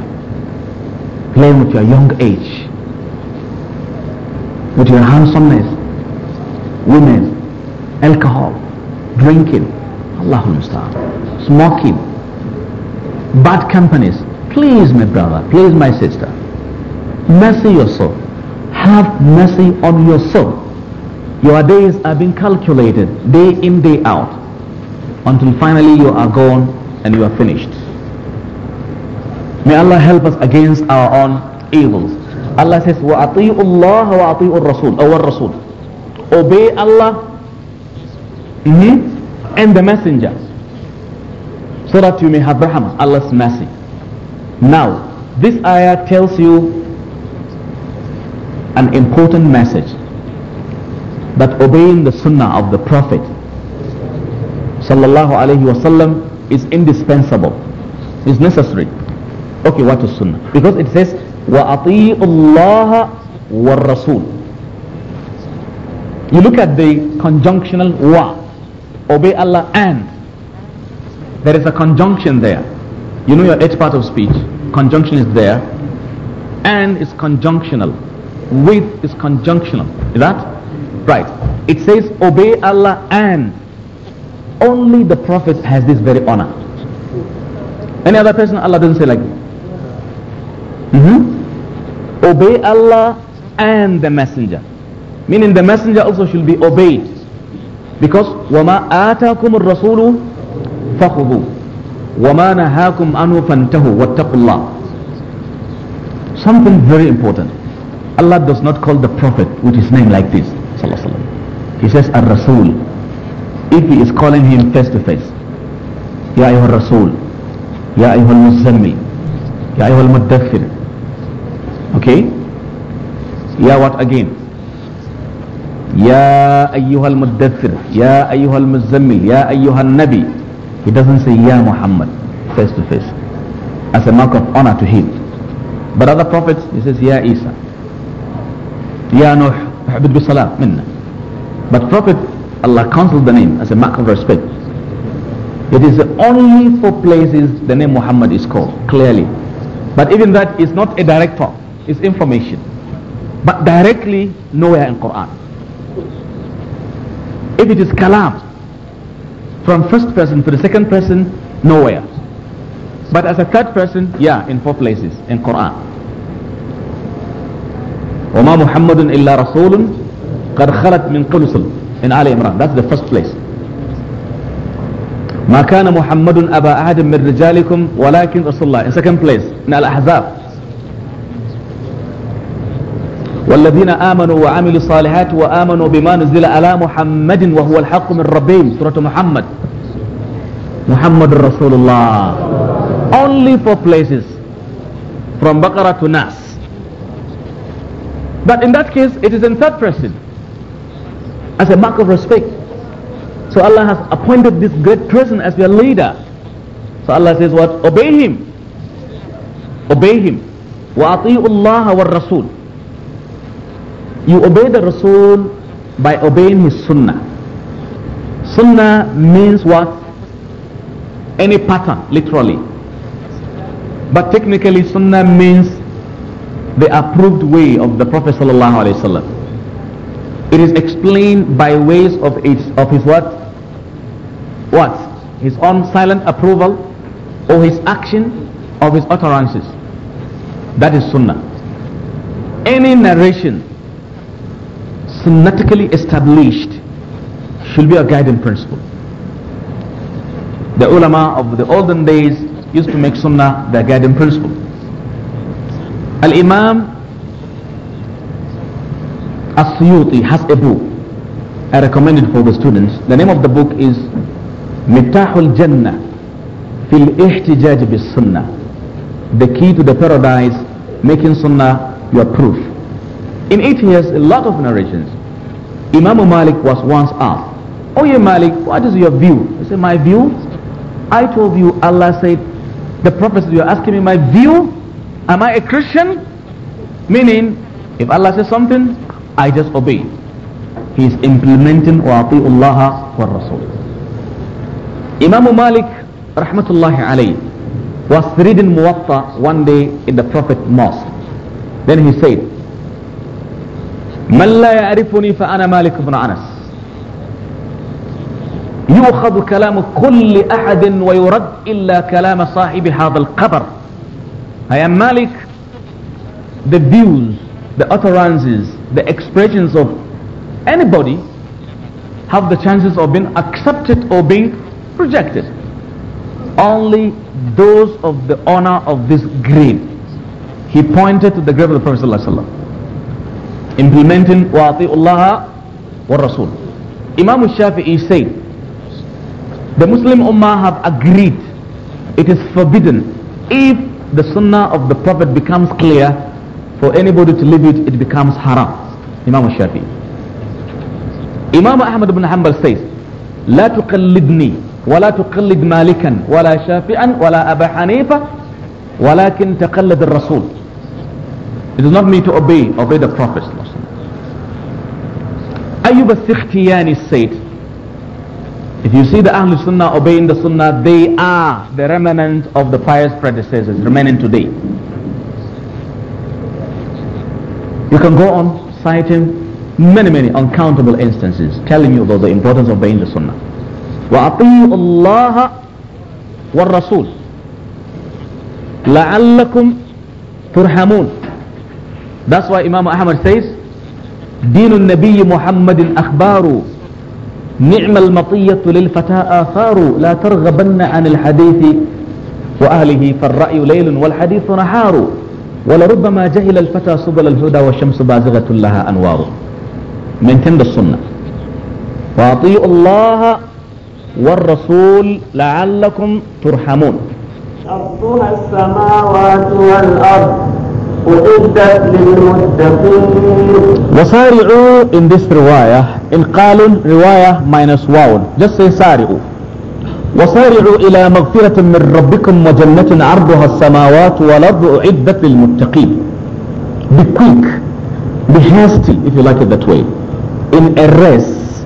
playing with your young age, with your handsomeness, women, alcohol, drinking, Allahu Musta'an, smoking, bad companies. Please, my brother, please, my sister, mercy yourself. Have mercy on yourself. Your days are being calculated day in, day out, until finally you are gone and you are finished. May Allah help us against our own evils. Allah says, وَأَطِيعُ اللَّهَ وَأَطِيعُ الرَّسُولَ أو الرَّسُولَ Obey Allah mm -hmm, and the messenger so that you may have rahmah, Allah's mercy. Now, this ayah tells you an important message that obeying the sunnah of the Prophet sallallahu alaihi wasallam is indispensable, is necessary. Okay, what is sunnah? Because it says, وَأَطِيعُ اللَّهَ وَالرَّسُولِ You look at the conjunctional wa, obey Allah and. There is a conjunction there. You know your eighth part of speech, conjunction is there. And is conjunctional. With is conjunctional. Is that? Right. It says, obey Allah and. Only the Prophet has this very honor. Any other person, Allah doesn't say like Mm-hmm. Obey Allah and the messenger. Meaning the messenger also should be obeyed. Because وَمَا آتَاكُمُ الرَّسُولُ فَخُذُوا وَمَا نَهَاكُمْ أَنْهُ فَانْتَهُوا وَاتَّقُوا اللَّهِ Something very important. Allah does not call the Prophet with his name like this. He says Ar-Rasul. If he is calling him face to face. يا ayyuha Rasul. يا ayyuha al يا Ya ayyuha Okay? Yeah, what again? Ya ayyuhal muddathir, ya ayyuhal muzammil, ya ayyuhal nabi. He doesn't say ya Muhammad face to face as a mark of honor to him. But other prophets, he says ya Isa, ya Nuh, habib bi salam minna. But prophet, Allah counsels the name as a mark of respect. It is only for places the name Muhammad is called, clearly. But even that is not a direct form. is information. But directly, nowhere in Quran. If it is kalam, from first person to the second person, nowhere. But as a third person, yeah, in four places, in Quran. وما محمد إلا رسول قد خلت من قلصل in Ali Imran. That's the first place. ما كان محمد أبا أحد من رجالكم ولكن رسول الله. In second place, in Al-Ahzab. والذين آمنوا وعملوا الصالحات وآمنوا بما نزل على محمد وهو الحق من ربهم سورة محمد محمد رسول الله only four places from Baqarah to Nas but in that case it is in third person as a mark of respect so Allah has appointed this great person as your leader so Allah says what obey him obey him وأطيعوا الله والرسول You obey the Rasul by obeying his sunnah. Sunnah means what? Any pattern, literally. But technically, sunnah means the approved way of the Prophet sallallahu alaihi wasallam. It is explained by ways of its of his what? What? His own silent approval, or his action, of his utterances. That is sunnah. Any narration synaptically established should be a guiding principle. The ulama of the olden days used to make sunnah their guiding principle. Al-Imam as siyuti has a book I recommend it for the students. The name of the book is Miftahul Jannah Fil Ihtijaj Bis Sunnah The key to the paradise making sunnah your proof in it he has a lot of narrations. Imam Malik was once asked, Oh yeah Malik, what is your view? He said, My view? I told you Allah said, the Prophet you're asking me my view? Am I a Christian? Meaning, if Allah says something, I just obey. He is implementing Allah wa Rasul. Imam Malik rahmatullahi alayhi was reading Muwatta one day in the Prophet mosque. Then he said, من لا يعرفني فأنا مالك بن أنس يؤخذ كلام كل أحد ويرد إلا كلام صاحب هذا القبر I am مالك the views the utterances the expressions of anybody have the chances of being accepted or being rejected only those of the honor of this grave he pointed to the grave of the Prophet sallallahu alaihi wasallam implementing Allah wa Rasul. Imam Shafi'i said, the Muslim Ummah have agreed it is forbidden if the Sunnah of the Prophet becomes clear for anybody to leave it, it becomes haram. Imam Shafi'i. Imam Ahmad ibn Hanbal says, لا تقلدني ولا تقلد مالكا ولا شافعا ولا أبا حنيفة ولكن تقلد الرسول It does not mean to obey, obey the Prophet. Ayyub al-Sikhtiyani said, if you see the Ahlul Sunnah obeying the Sunnah, they are the remnant of the pious predecessors remaining today. You can go on citing many, many uncountable instances telling you about the importance of obeying the Sunnah. وَأَطِيعُوا اللَّهَ وَالرَّسُولَ لَعَلَّكُمْ تُرْحَمُونَ That's why Imam Ahmad says, دين النبي محمد أخبار نعم المطية للفتى آثار لا ترغبن عن الحديث وأهله فالرأي ليل والحديث نحار ولربما جهل الفتى سبل الهدى والشمس بازغة لها أنوار من تند السنة وأطيعوا الله والرسول لعلكم ترحمون ربها السماوات والأرض وسارعوا in this رواية إن قالوا رواية minus واو just say سارعوا وسارعوا إلى مغفرة من ربكم وجنة عرضها السماوات والأرض أعدت للمتقين be quick be hasty if you like it that way in a race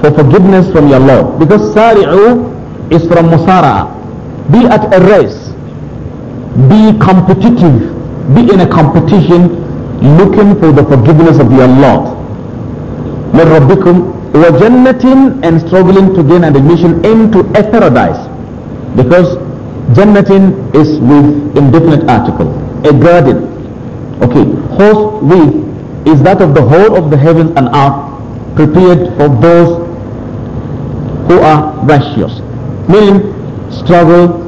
for forgiveness from your Lord because سارعوا is from مسارعة be at a race be competitive be in a competition looking for the forgiveness of your Lord. Let Rabbikum وَجَنَّةٍ and struggling to gain admission into a paradise. Because Jannatin is with indefinite article. A garden. Okay. Host with is that of the whole of the heavens and earth prepared for those who are righteous. Meaning struggle,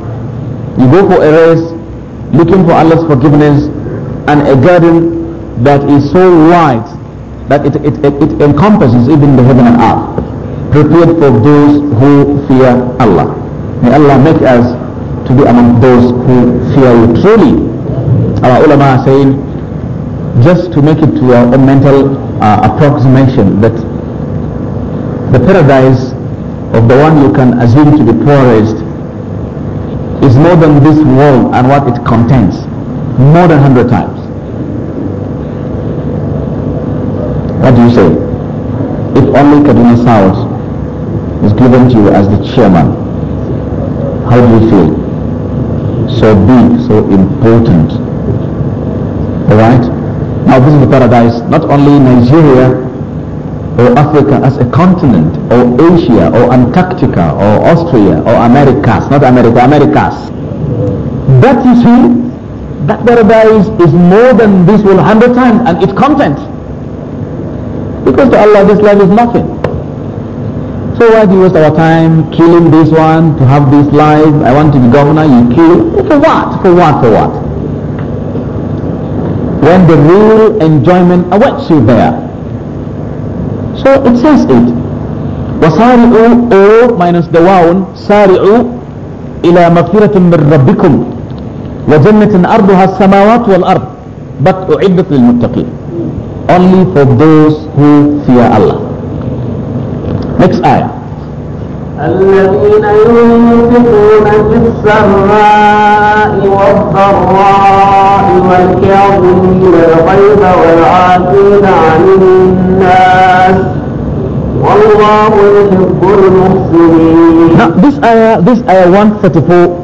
you go for a race, looking for Allah's forgiveness and a garden that is so wide that it, it, it, it encompasses even the heaven and earth prepared for those who fear Allah. May Allah make us to be among those who fear you truly. Our ulama are saying, just to make it to our own mental uh, approximation, that the paradise of the one you can assume to be poorest is more than this world and what it contains. More than 100 times. What do you say? If only Kaduna South is given to you as the chairman, how do you feel? So big, so important. Alright? Now this is the paradise, not only Nigeria, or Africa as a continent, or Asia, or Antarctica, or Austria, or Americas, not America, Americas. That you see, that paradise is more than this hundred times, and its content. Because to Allah this life is nothing. So why do you waste our time killing this one to have this life? I want to be governor, you kill. For what? For what? For what? When the real enjoyment awaits you there. So it says it. وصارعوا او minus the واو سارعوا إلى مغفرة من ربكم وجنة أرضها السماوات والأرض but أعدت للمتقين only for those who fear Allah. Next ayah. الذين ينفقون في السراء والضراء والكاظمين الغيظ والعافين عن الناس والله يحب المحسنين. Now this ayah, this ayah 134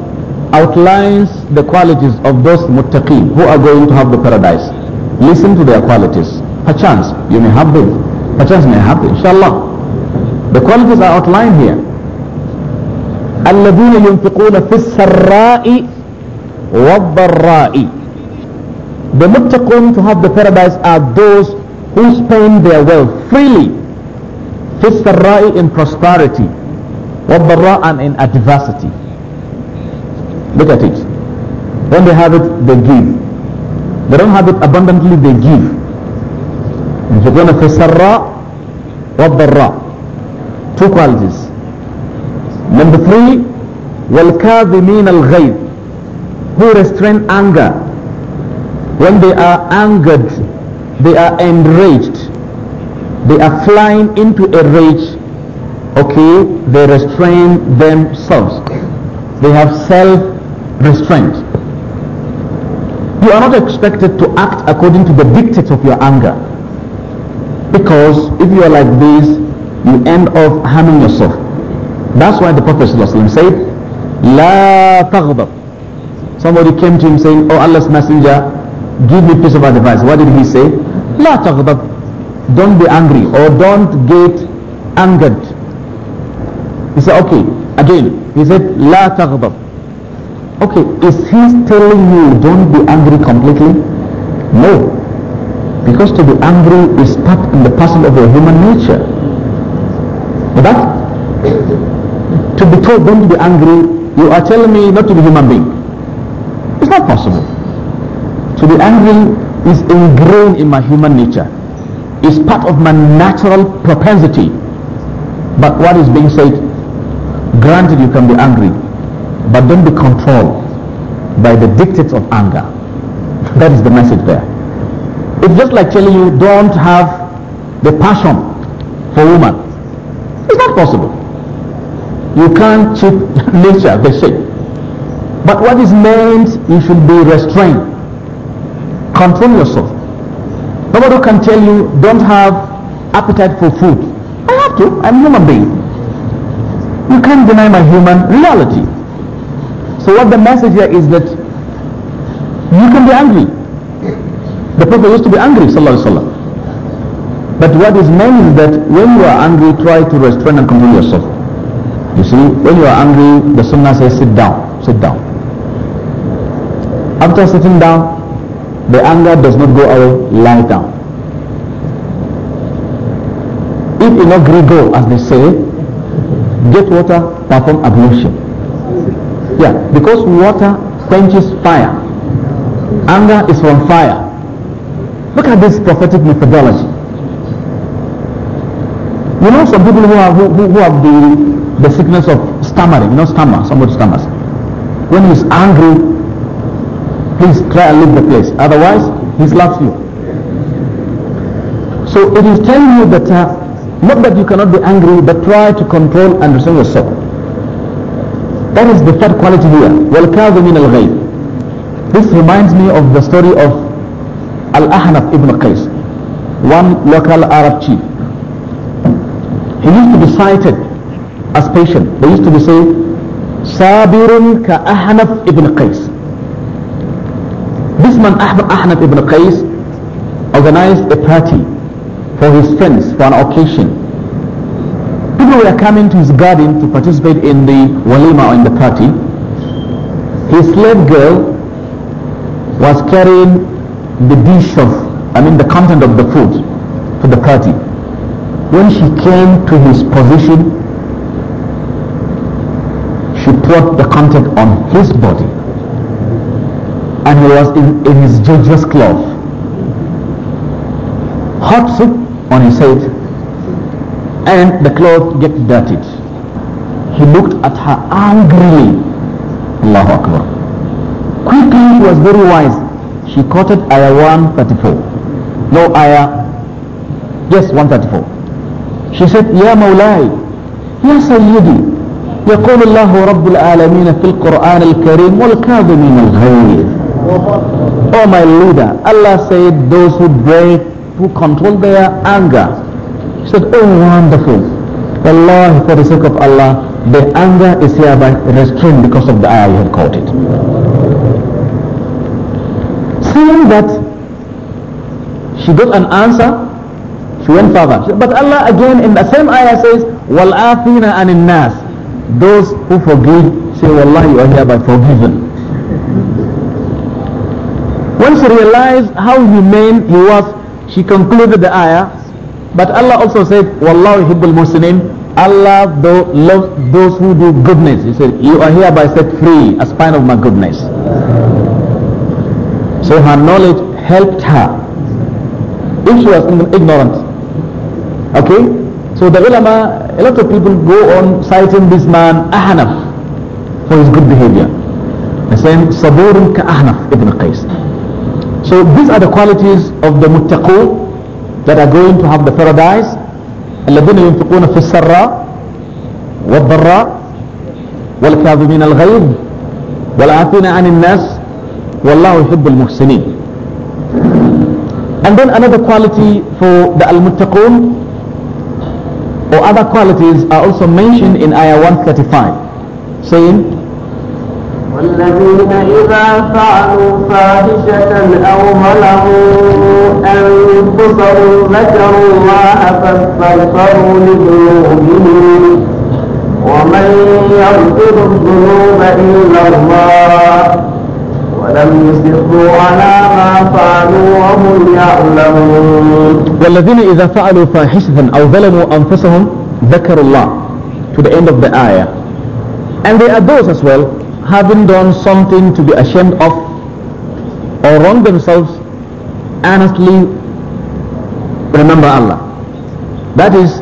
outlines the qualities of those muttaqeen who are going to have the paradise. Listen to their qualities. Perchance you may have them. Perchance may have, inshallah. The qualities are outlined here. الذين ينفقون في السراء والضراء The متقون to have the paradise are those who spend their wealth freely في السراء in prosperity والضراء and in adversity Look at it When they have it, they give They don't have it abundantly, they give. ينفقون في السراء والضراء. Two qualities. Number three, وَالْكَاذِمِينَ الْغَيْظِ Who restrain anger. When they are angered, they are enraged. They are flying into a rage. Okay, they restrain themselves. They have self-restraint. You are not expected to act according to the dictates of your anger. Because if you are like this, you end up harming yourself. That's why the Prophet said, La taghdab. Somebody came to him saying, Oh Allah's messenger, give me piece of advice. What did he say? La taghdab. Don't be angry or don't get angered. He said, okay. Again, he said, La taghdab. Okay, is he telling you don't be angry completely? No. Because to be angry is part in the parcel of your human nature. But to be told don't be angry, you are telling me not to be human being. It's not possible. To be angry is ingrained in my human nature. It's part of my natural propensity. But what is being said, granted you can be angry, but don't be controlled by the dictates of anger. That is the message there. It's just like telling you don't have the passion for woman. It's not possible. You can't cheat nature, they say. But what is meant, you should be restrained. Control yourself. Nobody can tell you, don't have appetite for food. I have to, I'm human being. You can't deny my human reality. So what the message here is that you can be angry. The Prophet used to be angry, sallallahu alaihi wasallam. But what is meant is that when you are angry, try to restrain and control yourself. You see, when you are angry, the sunnah says sit down, sit down. After sitting down, the anger does not go away, lie down. If you not go, as they say, get water, perform ablution. Yeah, because water quenches fire. Anger is from fire. Look at this prophetic methodology. You know some people who, are, who, who have been the sickness of stammering, you know, stammer, somebody stammers. When he's angry, please try and leave the place. Otherwise, he slaps you. So it is telling you that uh, not that you cannot be angry, but try to control and restrain yourself. That is the third quality here. وَالْكَاظِمِينَ الْغَيْظِ This reminds me of the story of Al-Ahnaf ibn Qais, one local Arab chief. He used to be cited as patient. They used to be saying, Sabirun ka Ahnaf ibn Qais. This man, Ahnaf ibn Qais, organized a party for his friends for an occasion. People were coming to his garden to participate in the walima or in the party. His slave girl was carrying the dish of, I mean the content of the food to the party. When she came to his position, poured the content on his body. And he was in, in his judge's cloth. Hot soup on his head. And the cloth get dirtied. He looked at her angrily. Allahu Akbar. Quickly, he was very wise. She quoted Ayah 134. No, Ayah. Yes, 134. She said, Ya Mawlai, Ya Sayyidi, يقول الله رب العالمين في القرآن الكريم والكاظمين الغيظ Oh my leader, Allah said those who break, who control their anger. He said, oh wonderful. Allah, for the sake of Allah, the anger is hereby restrained because of the ayah you have quoted. Seeing that she got an answer, she went further. But Allah again in the same ayah says, وَالْآفِينَ عَنِ النَّاسِ Those who forgive say, Wallah, you are hereby forgiven. Once she realized how humane he was, she concluded the ayah. But Allah also said, Wallahu hibbul Allah loves those who do goodness. He said, you are hereby set free a part of my goodness. So her knowledge helped her. If she was ignorant, okay, So the ulama, a lot of people go on citing this man Ahnaf for his good behavior. The same Saburun ka Ahnaf ibn Qais. So these are the qualities of the muttaqu that are going to have the paradise. الذين ينفقون في السراء والضراء والكاظمين الغيظ والعافين عن الناس والله يحب المحسنين. And then another quality for the al muttaqoon or other qualities are also mentioned in Ayah 135, saying, والذين إذا فعلوا فاحشة أو ظلموا أنفسهم ذكروا الله فاستغفروا لذنوبهم ومن يغفر الذنوب إلا الله ولم يصروا على ما فعلوا وهم يعلمون والذين إذا فعلوا فاحشة أو ظلموا أنفسهم ذكروا الله to the end of the ayah and they are those as well having done something to be ashamed of or wrong themselves honestly remember Allah that is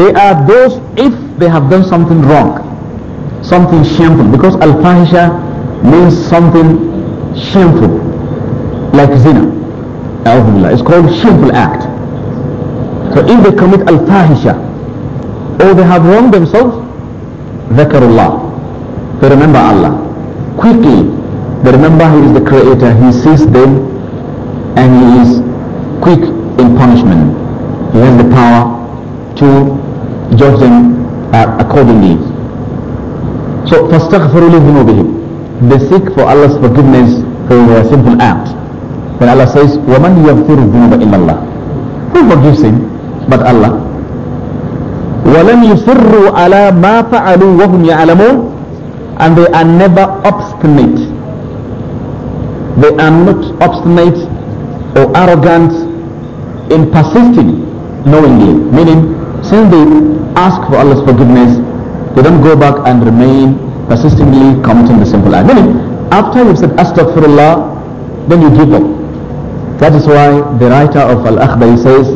they are those if they have done something wrong something shameful because al-fahisha means something shameful, like zina. It's called shameful act. So if they commit al-fahisha, or they have wronged themselves, dhakarullah. They remember Allah. Quickly, they remember He is the Creator. He sees them and He is quick in punishment. He has the power to judge them uh, accordingly. So, فَاسْتَغْفِرُوا لِذُنُوبِهِمْ they seek for Allah's forgiveness for their simple act. When Allah says, وَمَنْ يَغْفِرُ الذُّنُوبَ إِلَّا اللَّهِ Who forgives him but Allah? وَلَمْ يُصِرُّوا عَلَى مَا فَعَلُوا وَهُمْ يَعْلَمُونَ And they are never obstinate. They are not obstinate or arrogant in persisting knowingly. Meaning, since they ask for Allah's forgiveness, they don't go back and remain persistently committing the simple act. Meaning, after you've said astaghfirullah, then you give up. That is why the writer of Al-Akhbari says,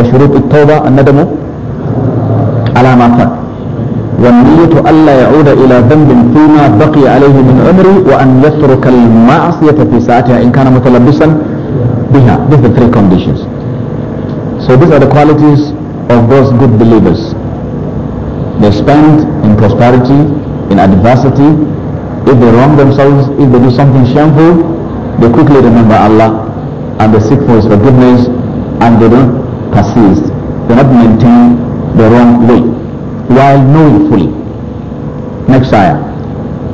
وشروط التوبة الندم على ما فات والنية ألا يعود إلى ذنب فيما بقي عليه من عمري وأن يترك المعصية في ساعتها إن كان متلبسا بها These are the three conditions So these are the qualities of those good believers They spend in prosperity in adversity, if they wrong themselves, if they do something shameful, they quickly remember Allah and they seek for His forgiveness and they don't persist. They not maintain the wrong way while knowing fully. Next ayah.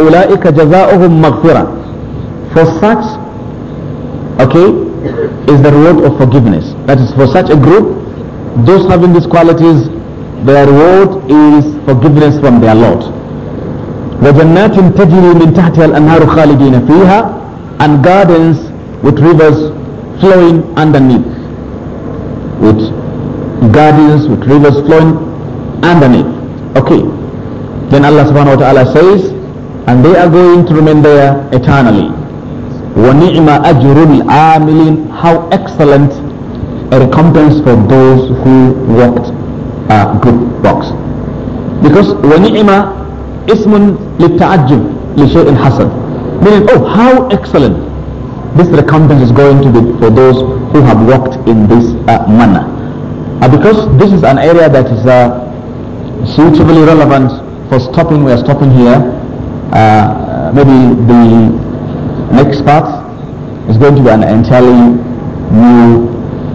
أولئك جزاؤهم مغفرة for such okay is the reward of forgiveness that is for such a group those having these qualities their reward is forgiveness from their Lord وجنات تجري من تحتها الأنهار خالدين فيها and gardens with rivers flowing underneath with gardens with rivers flowing underneath okay then Allah subhanahu wa ta'ala says and they are going to remain there eternally. وَنِعْمَ أَجْرُ الْعَامِلِينَ How excellent a recompense for those who worked a good works. Because وَنِعْمَ ismun لِلتَّعَجُّبِ لِشَيْءٍ حَسَنٍ Meaning, oh, how excellent this recompense is going to be for those who have worked in this uh, manner. Uh, because this is an area that is uh, suitably relevant for stopping, we are stopping here uh, maybe the next part is going to be an entirely new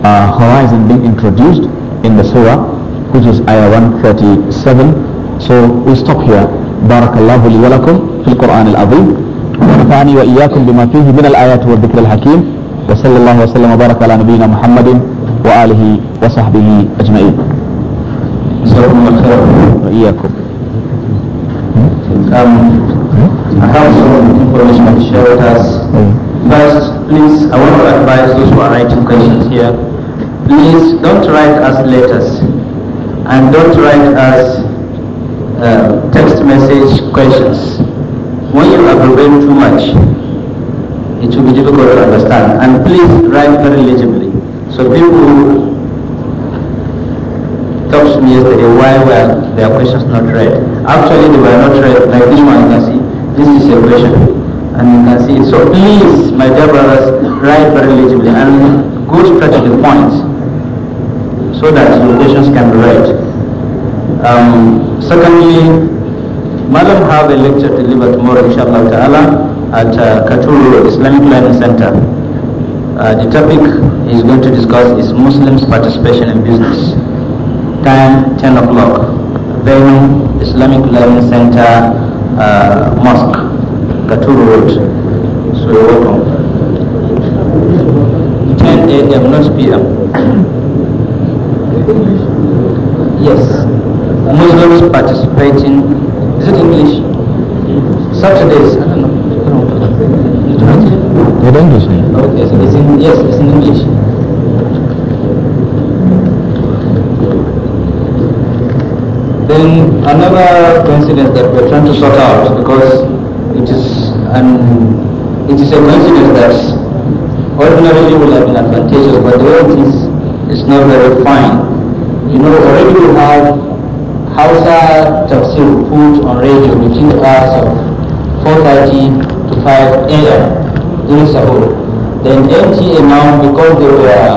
uh, horizon being introduced in the surah, which is ayah 137. So we stop here. بارك الله لي ولكم في القرآن العظيم ونفعني وإياكم بما فيه من الآيات والذكر الحكيم وصلى الله وسلم وبارك على نبينا محمد وآله وصحبه أجمعين جزاكم الله خيرا وإياكم I have some information to share with us. First, please, I want to advise those who are writing questions here. Please don't write us letters and don't write us uh, text message questions. When you written too much, it will be difficult to understand. And please write very legibly. So people talked to me yesterday why were their questions not read. Actually, they were not read like this one you can see. This is your question. And you can see So please, my dear brothers, write very legibly and go straight to the point so that your questions can be right. Um, secondly, Madam have a lecture to deliver tomorrow, inshallah ta'ala, at uh, Katuru Islamic Learning Center. Uh, the topic is going to discuss is Muslims' participation in business. Time 10 o'clock. Venue Islamic Learning Center, uh, mosque, Katuru Road. So you're welcome. 10 a.m., not p.m. yes. Muslims participating. Is it English? Saturdays. I don't know. It's English. Okay, so it's in, yes, it's in English. Then another coincidence that we're trying to sort out because it is an it is a coincidence that ordinarily would have been advantageous, but the world is is not very fine. You know, already we have Hausa Tafsir put on radio between the hours of 4.30 to 5 a.m. during Sahur. Then MTA now, because they were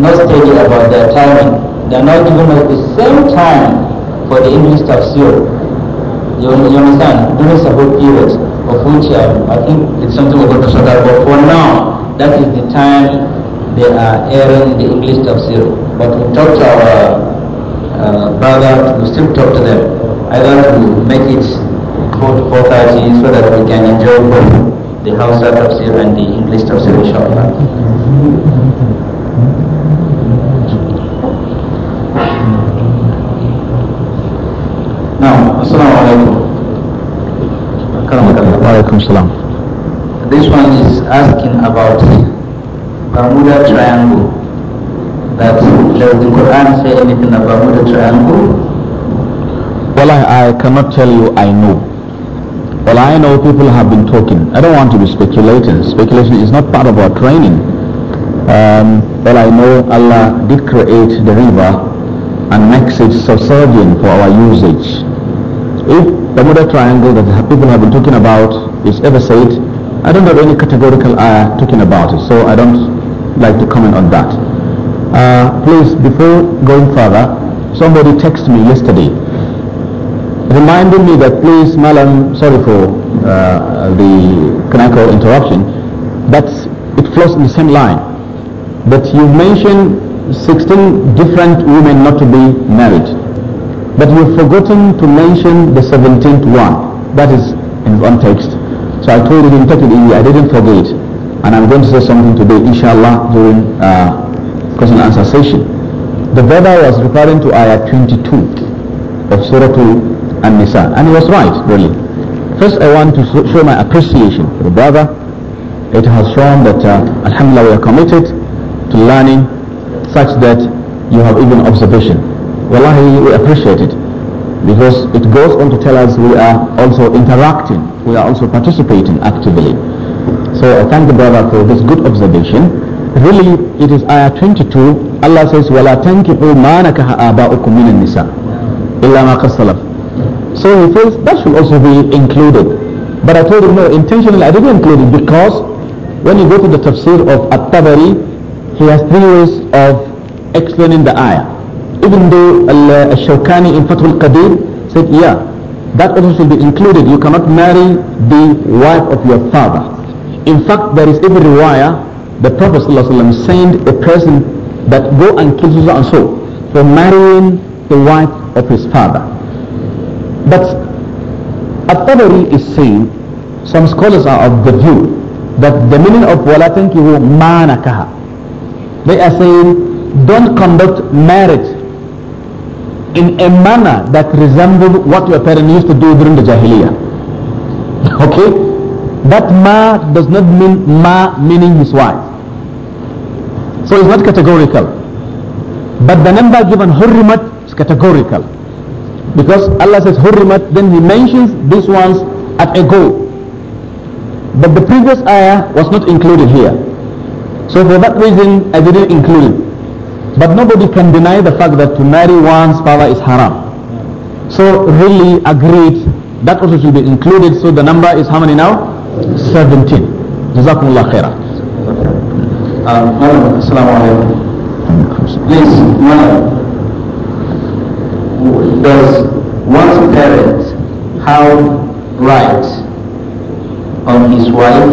not steady about their timing, they're not giving us the same time for the English tafsir. You, you understand? During a whole period of which um, I think it's something we're going to sort out. But for now, that is the time they are airing the English tafsir. But we talk to our uh, brother, we still talk to them, I want to make it 4 4.30 so that we can enjoy both the Hausa tafsir and the English tafsir, inshallah. Assalamu alaikum. This one is asking about Bermuda Triangle. That does the Quran say anything about Bermuda Triangle? Well, I, I cannot tell you I know. Well, I know people have been talking. I don't want to be speculating. Speculation is not part of our training. Um, I know Allah did create the river and makes it subservient for our usage. If the Bermuda Triangle that people have been talking about is ever said, I don't have any categorical eye talking about it, so I don't like to comment on that. Uh, please, before going further, somebody texted me yesterday reminding me that please, Malam, sorry for uh, the canonical interruption, but it flows in the same line. But you mentioned 16 different women not to be married. But you've forgotten to mention the 17th one. That is in one text. So I told him, take it easy. I didn't forget. And I'm going to say something today, inshallah, during uh, question and answer session. The brother was referring to ayah 22 of Surah An-Nisa. And he was right, really. First, I want to show my appreciation for the brother. It has shown that, uh, alhamdulillah, we are committed to learning such that you have even observation wallahi, we appreciate it because it goes on to tell us we are also interacting, we are also participating actively. So I thank the brother for this good observation. Really, it is Ayah 22. Allah says, "Wala تَنْكِحُوا مَا نَكَحَ آبَاؤُكُمْ مِنَ nisa illa مَا قَسَّلَفْ So he says that should also be included. But I told him, no, intentionally I didn't include it because when you go to the tafsir of At-Tabari, he has three ways of explaining the ayah even though Al-Shawkani in Fathul Qadir said, yeah, that also should be included. You cannot marry the wife of your father. In fact, there is every wire the Prophet ﷺ sent a person that go and kill so and so for marrying the wife of his father. But a tabari is saying, some scholars are of the view that the meaning of wala tankihu ma nakaha. They are saying, don't conduct marriage in a manner that resembled what your parents used to do during the Jahiliyyah. Okay? That ma does not mean ma meaning his wife. So it's not categorical. But the number given hurrimat is categorical. Because Allah says hurrimat, then he mentions these ones at a go. But the previous ayah was not included here. So for that reason, I didn't include it. But nobody can deny the fact that to marry one's father is haram. So really agreed, that also should be included. So the number is how many now? 17. Jazakumullah khairah. Um, Please, one. does one's parent have rights on his wife?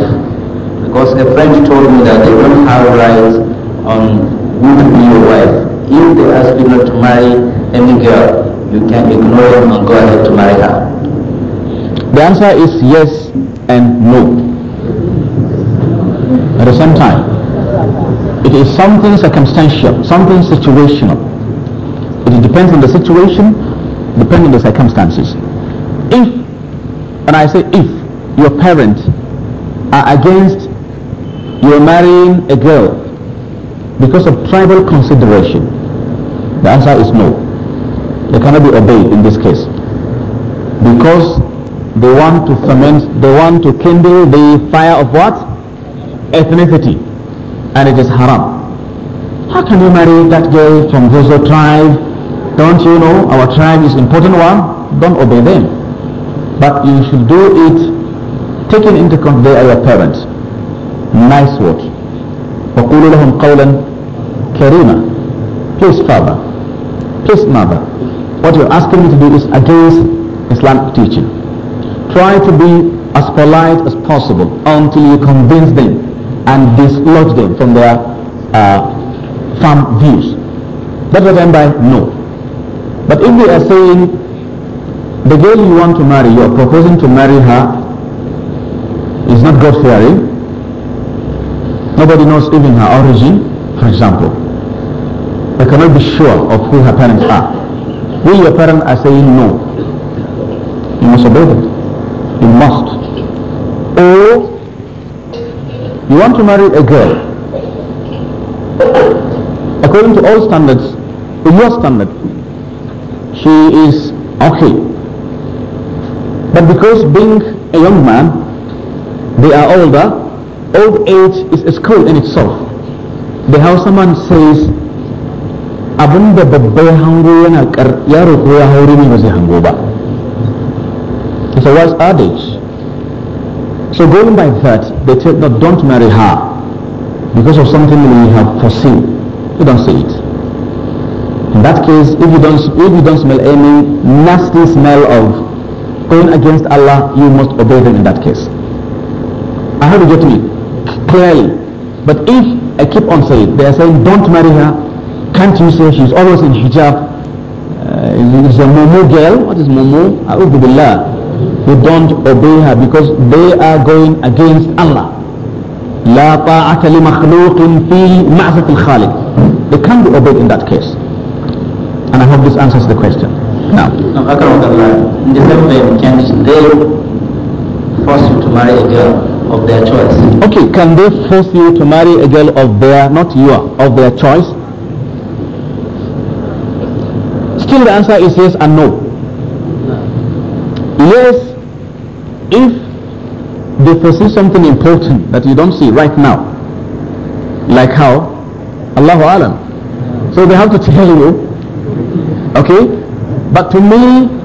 Because a friend told me that they don't have rights on would be your wife. If they ask you not to marry any girl, you can ignore them and go ahead to marry her. The answer is yes and no. At the same time, it is something circumstantial, something situational. It depends on the situation, depends on the circumstances. If, and I say if, your parents are against you marrying a girl because of tribal consideration? The answer is no. They cannot be obeyed in this case. Because they want to ferment, they want to kindle the fire of what? Ethnicity. And it is haram. How can you marry that girl from this tribe? Don't you know our tribe is important one? Don't obey them. But you should do it taking into consideration your parents. Nice word. وقولوا لهم قولا كريما please father please mother what you're asking me to do is against Islamic teaching try to be as polite as possible until you convince them and dislodge them from their uh, firm views that's what by no but if they are saying the girl you want to marry you are proposing to marry her is not God-fearing Nobody knows even her origin, for example. I cannot be sure of who her parents are. When your parents are saying no, you must obey them. You must. Or you want to marry a girl. According to all standards, your standard, she is okay. But because being a young man, they are older, old age is a school in itself the hausa man says abinda babbai hango yana yaro ko ya haure ne ba zai hango ba it's a wise adage so going by that they tell that don't marry her because of something you have foreseen you don't see it in that case if you don't if you don't smell any nasty smell of going against Allah you must obey them in that case I have you get me clearly. But if I keep on saying, they are saying, don't marry her. Can't you say she's always in hijab? Uh, is a mumu girl. What is mumu? A'udhu You don't obey her because they are going against Allah. لا طاعة لمخلوق في معصية الخالق. They can't be obeyed in that case. And I hope this answers the question. Now, in the same way, can they force you to marry a girl of their choice. Okay, can they force you to marry a girl of their, not your, of their choice? Still the answer is yes and no. Yes, if they foresee something important that you don't see right now, like how? Allahu Alam. So they have to tell you, okay? But to me,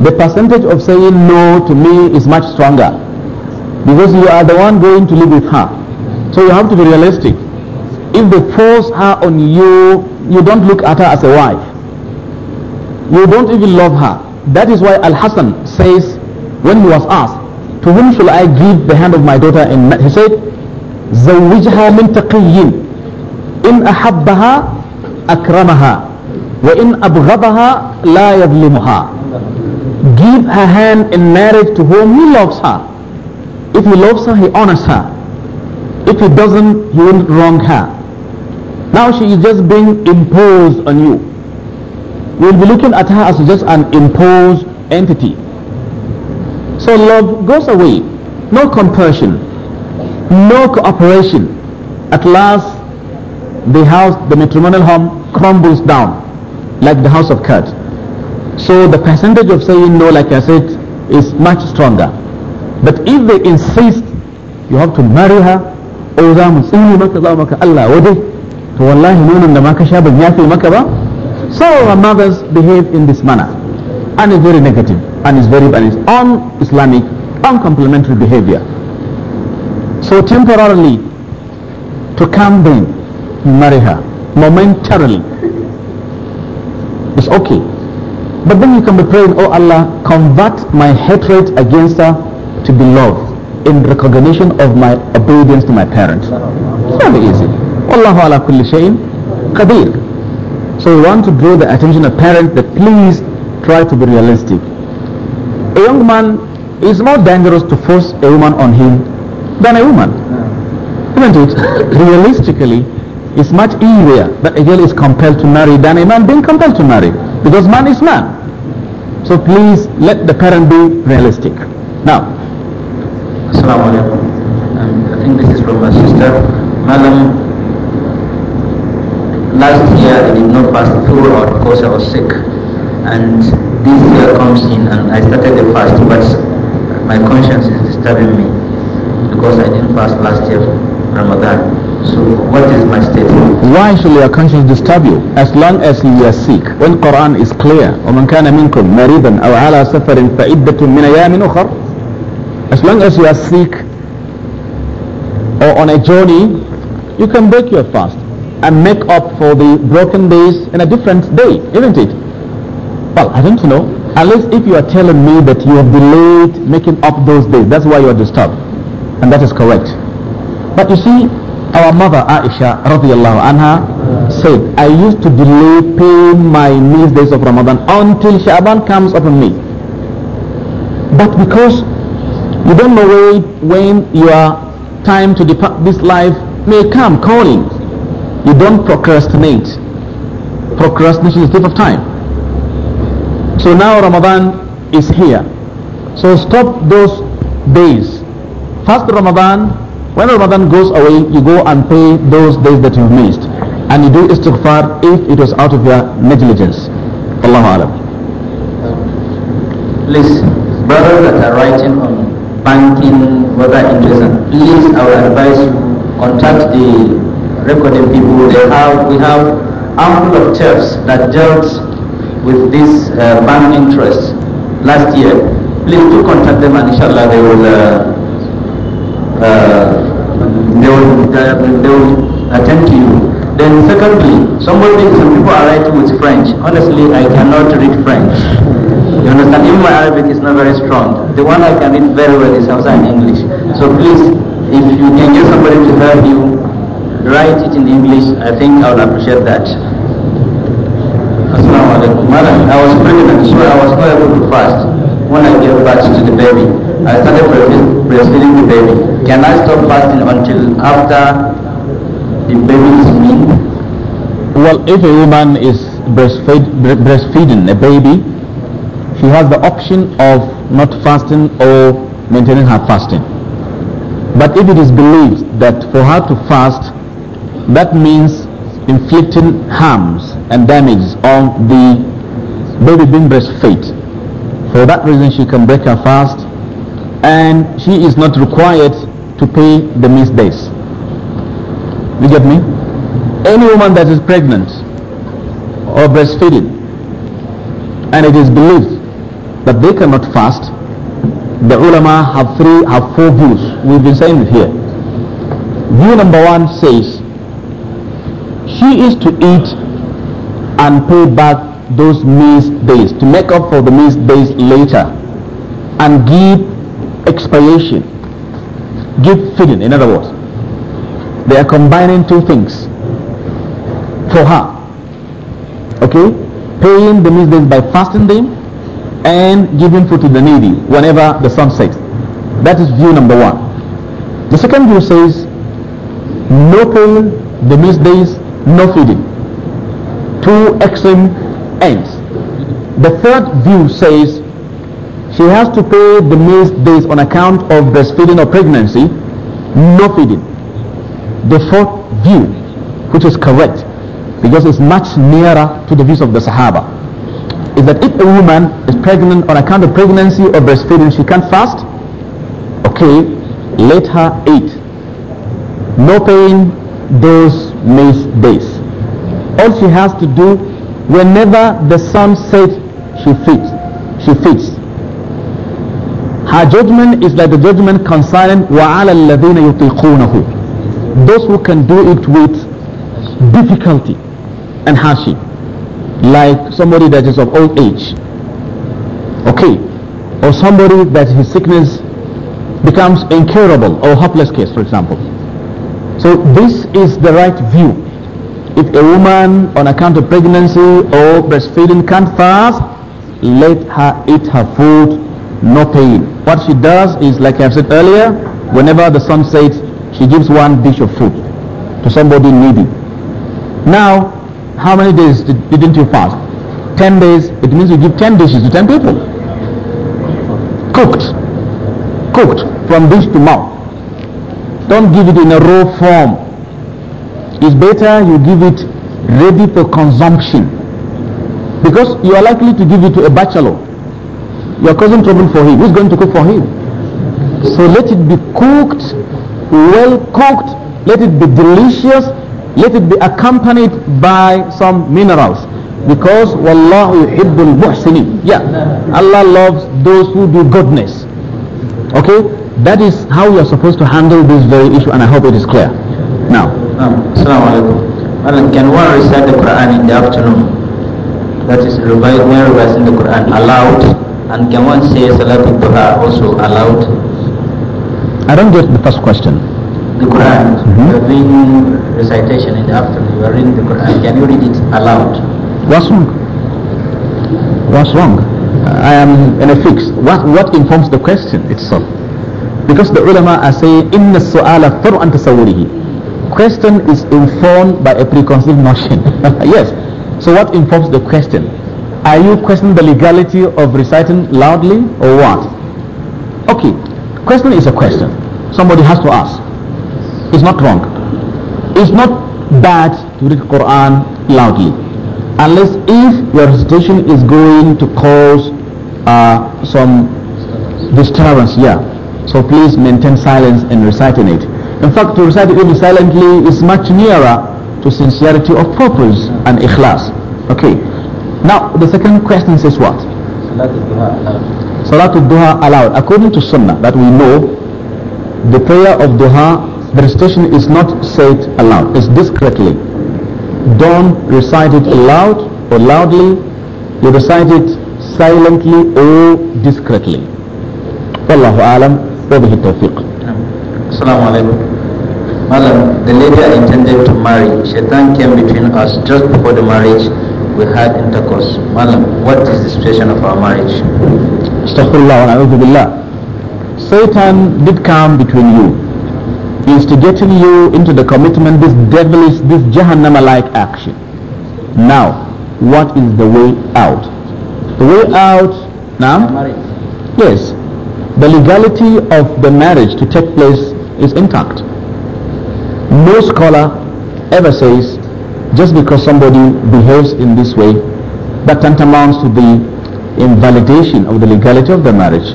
the percentage of saying no to me is much stronger because you are the one going to live with her. So you have to be realistic. If they force her on you, you don't look at her as a wife. You don't even love her. That is why Al-Hassan says, when he was asked, to whom shall I give the hand of my daughter? And he said, زوجها من تقي إن أحبها أكرمها وإن أبغضها لا يظلمها give her hand in marriage to whom he loves her if he loves her, he honors her. If he doesn't, he won't wrong her. Now she is just being imposed on you. We'll be looking at her as just an imposed entity. So love goes away. No compassion. No cooperation. At last, the house, the matrimonial home crumbles down like the house of cards. So the percentage of saying no, like I said, is much stronger but if they insist you have to marry her o za so our mothers behave in this manner and it's very negative and it's very and it's un-Islamic uncomplimentary behavior so temporarily to calm them marry her momentarily it's okay but then you can be praying oh Allah convert my hatred against her to be loved in recognition of my obedience to my parents. It's not easy. Allahu ala kulli shayin kabir. So we want to draw the attention of parents that please try to be realistic. A young man is more dangerous to force a woman on him than a woman. Isn't it? Realistically, it's much easier that a girl is compelled to marry than a man being compelled to marry because man is man. So please let the parent be realistic. Now, Assalamu alaikum. And um, I think this is from my sister. Madam, last year I did not fast or because I was sick. And this year comes in and I started the fast, but my conscience is disturbing me because I didn't fast last year, Ramadan. So what is my state? Why should your conscience disturb you? As long as you are sick. When Quran is clear, وَمَنْ كَانَ مِنْكُمْ مَرِيضًا أَوْ عَلَى سَفَرٍ فَعِدَّةٌ مِنْ أَيَامٍ أُخَرٍ as long as you are sick or on a journey, you can break your fast and make up for the broken days in a different day, isn't it? Well, I don't know. Unless if you are telling me that you have delayed making up those days, that's why you are disturbed. And that is correct. But you see, our mother Aisha radiallahu anha said, I used to delay paying my meals days of Ramadan until Shaban comes upon me. But because you don't know when your time to depart this life may come calling. You don't procrastinate. Procrastination is a thief of time. So now Ramadan is here. So stop those days. First Ramadan, when Ramadan goes away, you go and pay those days that you've missed. And you do istighfar if it was out of your negligence. Allahu Alam. Please, brothers that are writing on banking, whether interest. Please, I would advise you contact the recording people. They have, we have ample of chefs that dealt with this uh, bank interest last year. Please do contact them and inshallah they will, uh, uh, they will, uh, they will attend to you. Then secondly, somebody, some people are writing with French. Honestly, I cannot read French. You understand? Even my Arabic is not very strong. The one I can read very well is outside English. So please, if you can get somebody to help you, write it in English. I think I would appreciate that. Assalamu alaikum. Madam, I was pregnant, so I was not able to fast when I gave birth to the baby. I started breastfeeding the baby. Can I stop fasting until after the baby is weaned? Well, if a woman is breastfeed, breastfeeding a baby, she has the option of not fasting or maintaining her fasting. But if it is believed that for her to fast, that means inflicting harms and damage on the baby being breastfed. For that reason, she can break her fast and she is not required to pay the missed days. You get me? Any woman that is pregnant or breastfeeding and it is believed that they cannot fast, the ulama have three, have four views. We've been saying it here. View number one says, she is to eat and pay back those missed days, to make up for the missed days later, and give expiation, give feeding, in other words. They are combining two things for her. Okay? Paying the missed days by fasting them and giving food to the needy whenever the sun sets. That is view number one. The second view says no prayer, the days, no feeding. Two extreme ends. The third view says she has to pay the missed days on account of breastfeeding or pregnancy, no feeding. The fourth view, which is correct, because it's much nearer to the views of the Sahaba is that if a woman is pregnant on account of pregnancy or breastfeeding, she can't fast. Okay, let her eat. No pain those missed days. All she has to do, whenever the sun sets, she feeds. She feeds. Her judgment is like the judgment concerning وَعَلَى الَّذِينَ يُطِيقُونَهُ Those who can do it with difficulty and hardship like somebody that is of old age okay or somebody that his sickness becomes incurable or hopeless case for example so this is the right view if a woman on account of pregnancy or breastfeeding can't fast let her eat her food no pain what she does is like i've said earlier whenever the sun sets she gives one dish of food to somebody needy now how many days did, didn't you fast? 10 days, it means you give 10 dishes to 10 people. Cooked. Cooked from dish to mouth. Don't give it in a raw form. It's better you give it ready for consumption. Because you are likely to give it to a bachelor. You are causing trouble for him. Who's going to cook for him? So let it be cooked, well cooked, let it be delicious, let it be accompanied by some minerals because wallahu yuhibbul muhsinin yeah allah loves those who do goodness okay that is how you are supposed to handle this very issue and i hope it is clear now um, alaikum. can one recite the quran in the afternoon that is revising revising the quran aloud and can one say salatul duha also aloud i don't get the first question the Quran, mm -hmm. you're doing recitation in the afternoon, you are reading the Quran, can you read it aloud? What's wrong? What's wrong? I am in a fix. What, what informs the question itself? Because the ulama are saying, inna su'ala فَرْعًا تَسَوُّرِهِ Question is informed by a preconceived notion. yes. So what informs the question? Are you questioning the legality of reciting loudly or what? Okay. Question is a question. Somebody has to ask. It's not wrong. It's not bad to read Quran loudly. Unless if your recitation is going to cause uh, some disturbance, yeah. So please maintain silence in reciting it. In fact, to recite it silently is much nearer to sincerity of purpose and ikhlas. Okay. Now, the second question says what? Salatul Duha uh, allowed. According to Sunnah that we know, the prayer of Duha the recitation is not said aloud, it's discreetly. Don't recite it aloud or loudly, you recite it silently or discreetly. Wallahu alam, wabihi tawfiq. Assalamu alaikum. Madam, the lady I intended to marry, shaitan came between us just before the marriage. We had intercourse. Madam, what is the situation of our marriage? Astaghfirullah wa na'udhu billah. Satan did come between you is to getting you into the commitment, this devilish, this Jahannama-like action. Now, what is the way out? The way out now? Yes. The legality of the marriage to take place is intact. No scholar ever says just because somebody behaves in this way that tantamounts to the invalidation of the legality of the marriage.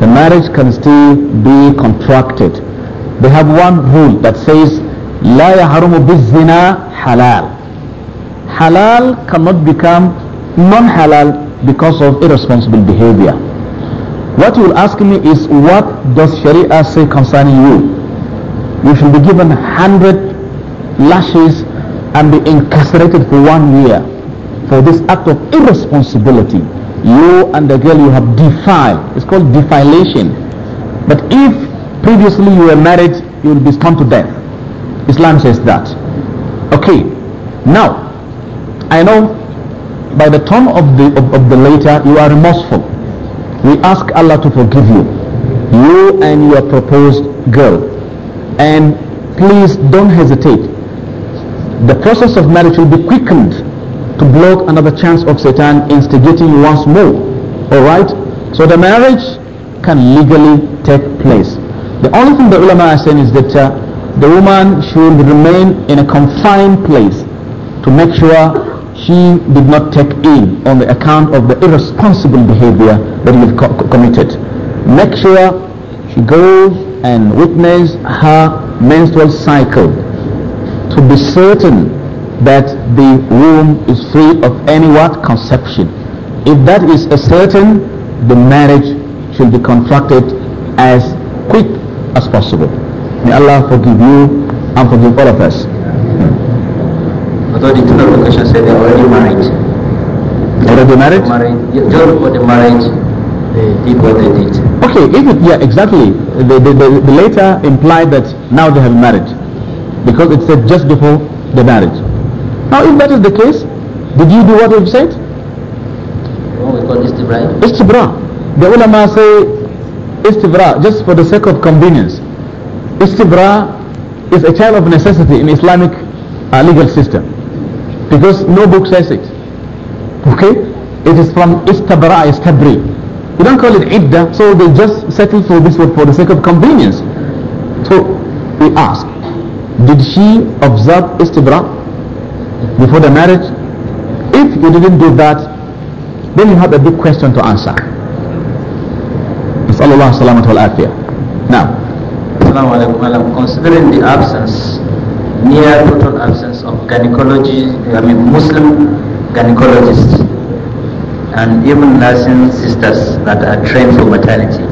The marriage can still be contracted they have one rule that says لا يحرم بالزنا halal. حلال cannot become non-halal because of irresponsible behavior. What you will ask me is what does Sharia say concerning you? You should be given 100 lashes and be incarcerated for one year for this act of irresponsibility. You and the girl you have defiled. It's called defilation. But if previously you were married, you will be stoned to death. Islam says that. Okay, now I know by the time of the of, of the later you are remorseful. We ask Allah to forgive you, you and your proposed girl, and please don't hesitate. The process of marriage will be quickened to block another chance of Satan instigating you once more. All right, so the marriage can legally take place. The only thing the ulama are saying is that uh, the woman should remain in a confined place to make sure she did not take in on the account of the irresponsible behavior that you've co committed. Make sure she goes and witnesses her menstrual cycle to be certain that the womb is free of any what conception. If that is a certain, the marriage should be contracted as quick as possible. May Allah forgive you and forgive all of us. Although the two location said they're already married. Already married? Married. just before the marriage, they did what they did. Okay, it, yeah, exactly. The, the, the, the later implied that now they have married. Because it said just before the marriage. Now, if that is the case, did you do what they have said? Oh, we call istibra. Istibra. The ulama say istibra, just for the sake of convenience, istibra is a child of necessity in Islamic uh, legal system because no book says it. Okay? It is from istibra istabri. We don't call it idda, so they just settle for this word for the sake of convenience. So we ask, did she observe istibra before the marriage? If you didn't do that, then you have a big question to answer. نسأل الله السلامة والعافية نعم السلام عليكم considering the absence near total absence of gynecology I mean Muslim gynecologists and even nursing sisters that are trained for maternity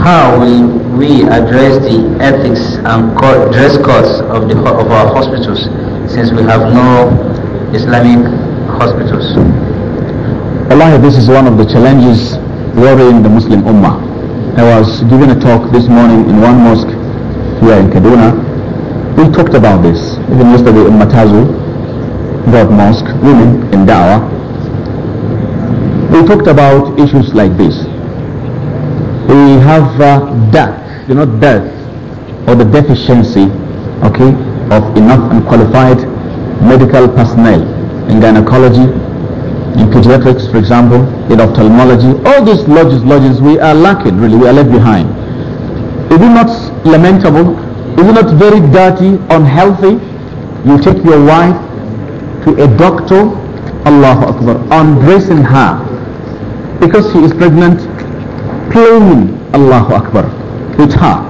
how will we address the ethics and dress codes of, the, of our hospitals since we have no Islamic hospitals? Allah, this is one of the challenges worrying the Muslim Ummah. I was giving a talk this morning in one mosque here in Kaduna. We talked about this, even yesterday in Matazu, God Mosque, women in Dawa. We talked about issues like this. We have uh, death, you know, death or the deficiency, okay, of enough and qualified medical personnel in gynecology, in pediatrics, for example, in ophthalmology, all these lodges, lodges, we are lacking, really, we are left behind. Is it not lamentable? Is it not very dirty, unhealthy? You take your wife to a doctor, Allahu Akbar, embracing her because she is pregnant, playing Allahu Akbar with her.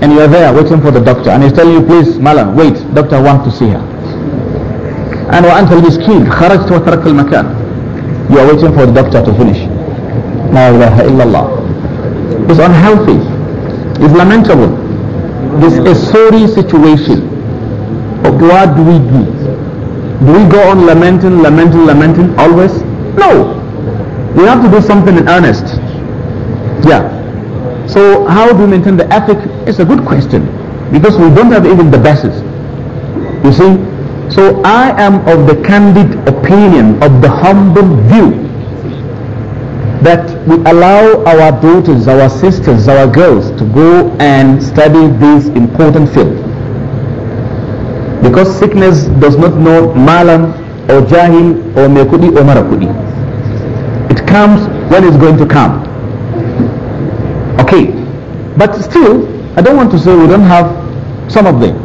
And you are there waiting for the doctor and he's telling you, please, Mala, wait, doctor wants to see her. And وأنت المسكين خرجت وترك المكان you are waiting for the doctor to finish. La ilaha illallah. It's unhealthy. It's lamentable. This is a sorry situation. But what do we do? Do we go on lamenting, lamenting, lamenting always? No. We have to do something in earnest. Yeah. So how do we maintain the ethic? It's a good question because we don't have even the basis. You see, so I am of the candid opinion, of the humble view that we allow our daughters, our sisters, our girls to go and study this important field. Because sickness does not know malam or jahil or mekudi or marakudi. It comes when it's going to come. Okay. But still, I don't want to say we don't have some of them.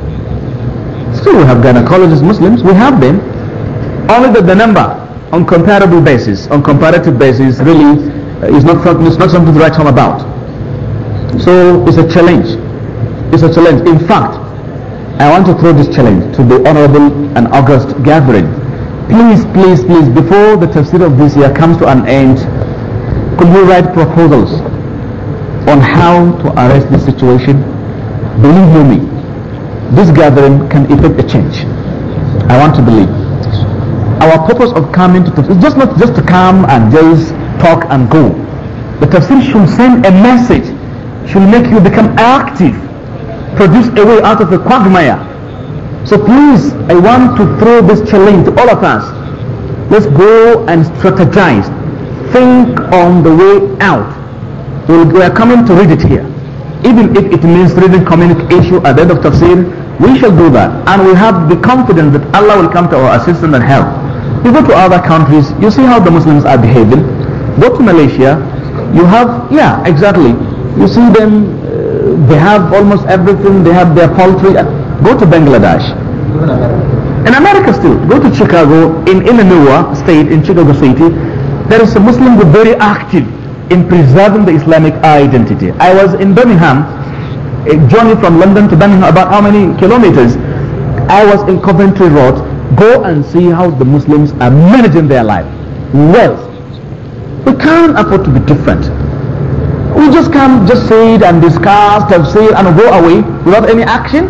Still we have gynecologists, Muslims, we have them. Only that the number on comparable basis, on comparative basis really uh, is not, it's not something to write home about. So it's a challenge. It's a challenge. In fact, I want to throw this challenge to the honorable and august gathering. Please, please, please, before the tafsir of this year comes to an end, could you write proposals on how to arrest this situation? Believe me, this gathering can effect a change. I want to believe. Our purpose of coming to tafsir is just not just to come and just talk and go. The tafsir should send a message, should make you become active, produce a way out of the quagmire. So please, I want to throw this challenge to all of us. Let's go and strategize. Think on the way out. We are coming to read it here. Even if it means reading communication issue at the end of tafsir, we shall do that. And we have the confidence that Allah will come to our assistance and help. You go to other countries, you see how the Muslims are behaving. Go to Malaysia, you have, yeah, exactly. You see them, uh, they have almost everything, they have their poultry. Go to Bangladesh. In America still, go to Chicago, in Illinois state, in Chicago city, there is a Muslim who is very active in preserving the Islamic identity. I was in Birmingham a journey from London to Birmingham, about how many kilometers? I was in Coventry Road. Go and see how the Muslims are managing their life. Well, we can't afford to be different. We just can't just say it and discuss, say, and go away without any action.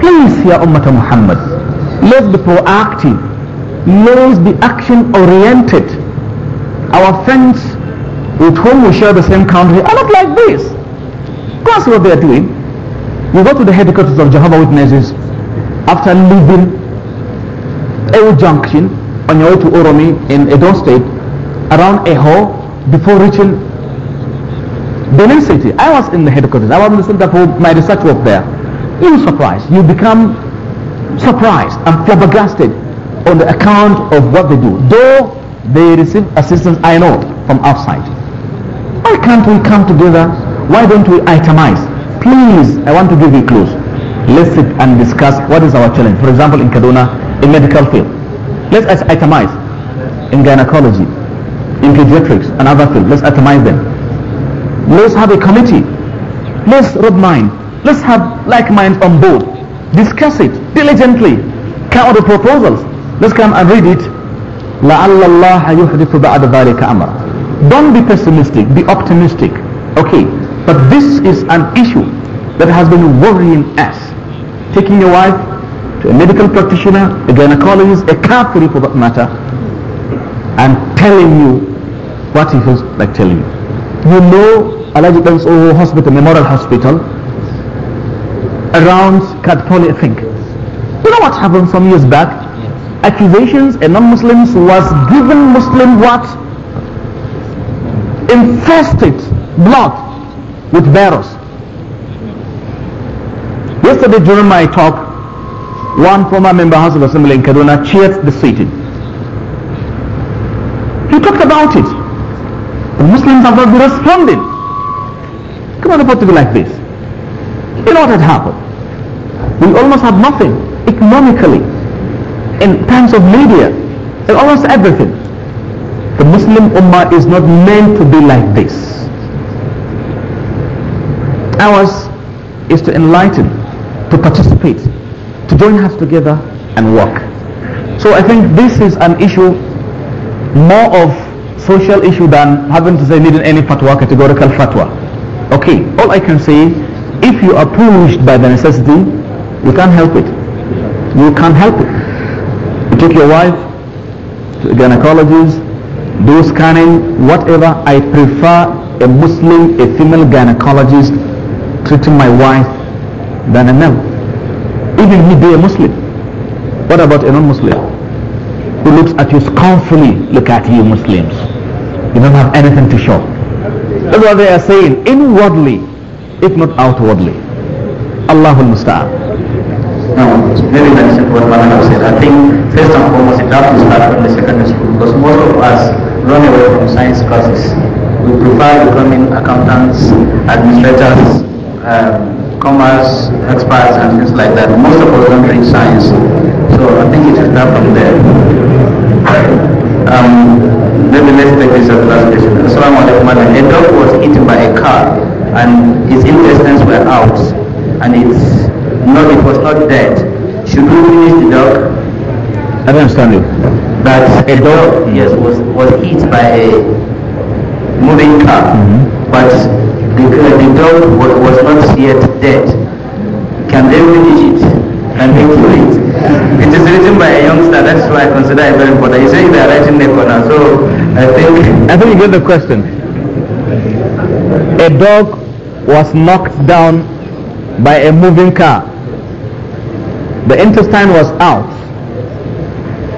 Please, hear, Ummah Muhammad, let's be proactive. Let's be action oriented. Our friends with whom we share the same country are not like this. That's what they are doing. You go to the headquarters of Jehovah Witnesses after leaving a junction on your way to Oromi in Edo State around Eho before reaching Benin City. I was in the headquarters. I was in the center for my research work there. You surprise, You become surprised and flabbergasted on the account of what they do. Though they receive assistance, I know, from outside. Why can't we come together why don't we itemize? Please, I want to give you clues. Let's sit and discuss what is our challenge. For example, in Kaduna, in medical field. Let's itemize. In gynecology, in pediatrics, and other fields. Let's itemize them. Let's have a committee. Let's rub mind. Let's have like minds on board. Discuss it diligently. Come out the proposals. Let's come and read it. La الله يحدث بعد ذلك أمر. Don't be pessimistic. Be optimistic. Okay. But this is an issue that has been worrying us. Taking your wife to a medical practitioner, a gynecologist, a cardiologist, for that matter, and telling you what he feels like telling you. You know Alaji Benso Hospital, Memorial Hospital, around Katpoli, I think. You know what happened some years back? Accusations a non muslim was given Muslim what? Infested blood with virus. Yesterday during my talk, one former member House of Assembly in Kaduna cheered the city. He talked about it. The Muslims have not been responding. Come on, afford to be like this. You know what had happened? We almost had nothing economically in terms of media and almost everything. The Muslim Ummah is not meant to be like this ours is to enlighten, to participate, to join hands together and work. So I think this is an issue more of social issue than having to say needing any fatwa, categorical fatwa. Okay, all I can say, if you are pushed by the necessity, you can't help it. You can't help it. You take your wife to a gynecologist, do scanning, whatever. I prefer a Muslim, a female gynecologist treating my wife than a male. Even he be a Muslim. What about a non-Muslim? Who looks at you scornfully, look at you Muslims. You don't have anything to show. That's what they are saying, inwardly, if not outwardly. Allahul Musta'an. Now, it's very nice what Madam said. I think first and foremost it has to start from the secondary school because most of us run away from science classes. We prefer becoming accountants, administrators, um, commerce experts and things like that. Most of us don't drink science. So I think it should start from there. Um, me let's take this as the last question. Assalamu alaikum. A dog was eaten by a car and its intestines were out and it's not, it was not dead. Should we finish the dog? I don't understand you. That a dog, yes, was, was hit by a moving car. Mm -hmm. But because the dog was not yet dead. Can they read it? and they for it? It is written by a youngster, that's why I consider it very important. You say they are writing the corner, so I think... I think you get the question. A dog was knocked down by a moving car. The intestine was out.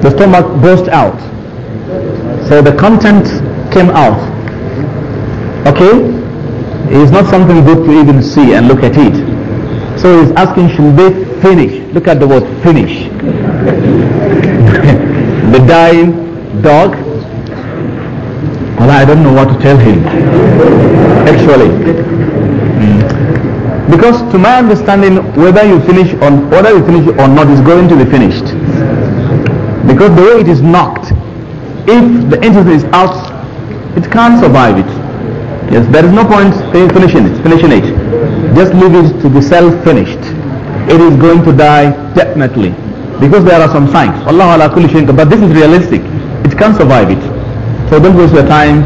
The stomach burst out. So the content came out. Okay? It's not something good to even see and look at it. So he's asking, should they finish? Look at the word finish. the dying dog. Well, I don't know what to tell him, actually. Hmm. Because to my understanding, whether you finish on whether you finish or not is going to be finished. Because the way it is knocked, if the entity is out, it can't survive it. Yes, there is no point finishing it, finishing it. Just leave it to be self-finished. It is going to die definitely. Because there are some signs. Allah ala kulli shayin, but this is realistic. It can survive it. So don't waste your time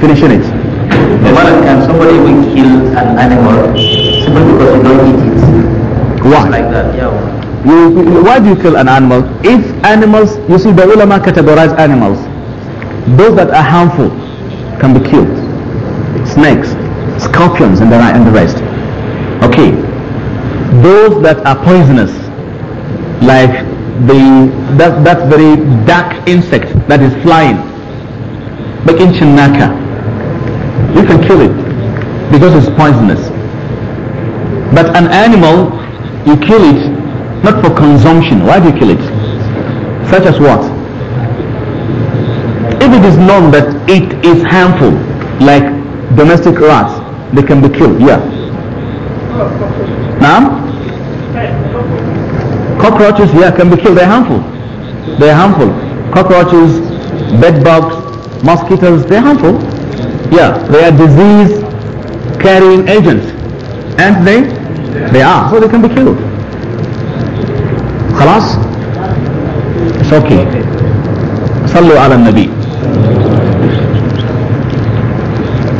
finishing it. Yes. Well, can somebody will kill an animal simply because you don't eat it? Why? like that, yeah. You, why do you kill an animal? If animals, you see the ulama categorize animals. Those that are harmful can be killed snakes, scorpions, and the, and the rest. Okay. Those that are poisonous, like the that, that very dark insect that is flying, Bekinchinaka, you can kill it because it's poisonous. But an animal, you kill it not for consumption. Why do you kill it? Such as what? If it is known that it is harmful, like domestic rats. They can be killed, yeah. Now? Cockroaches, yeah, can be killed. They're harmful. They're harmful. Cockroaches, bed bugs, mosquitoes, they're harmful. Yeah, they are disease carrying agents. And they? They are. So they can be killed. خلاص؟ It's okay. صلوا على النبي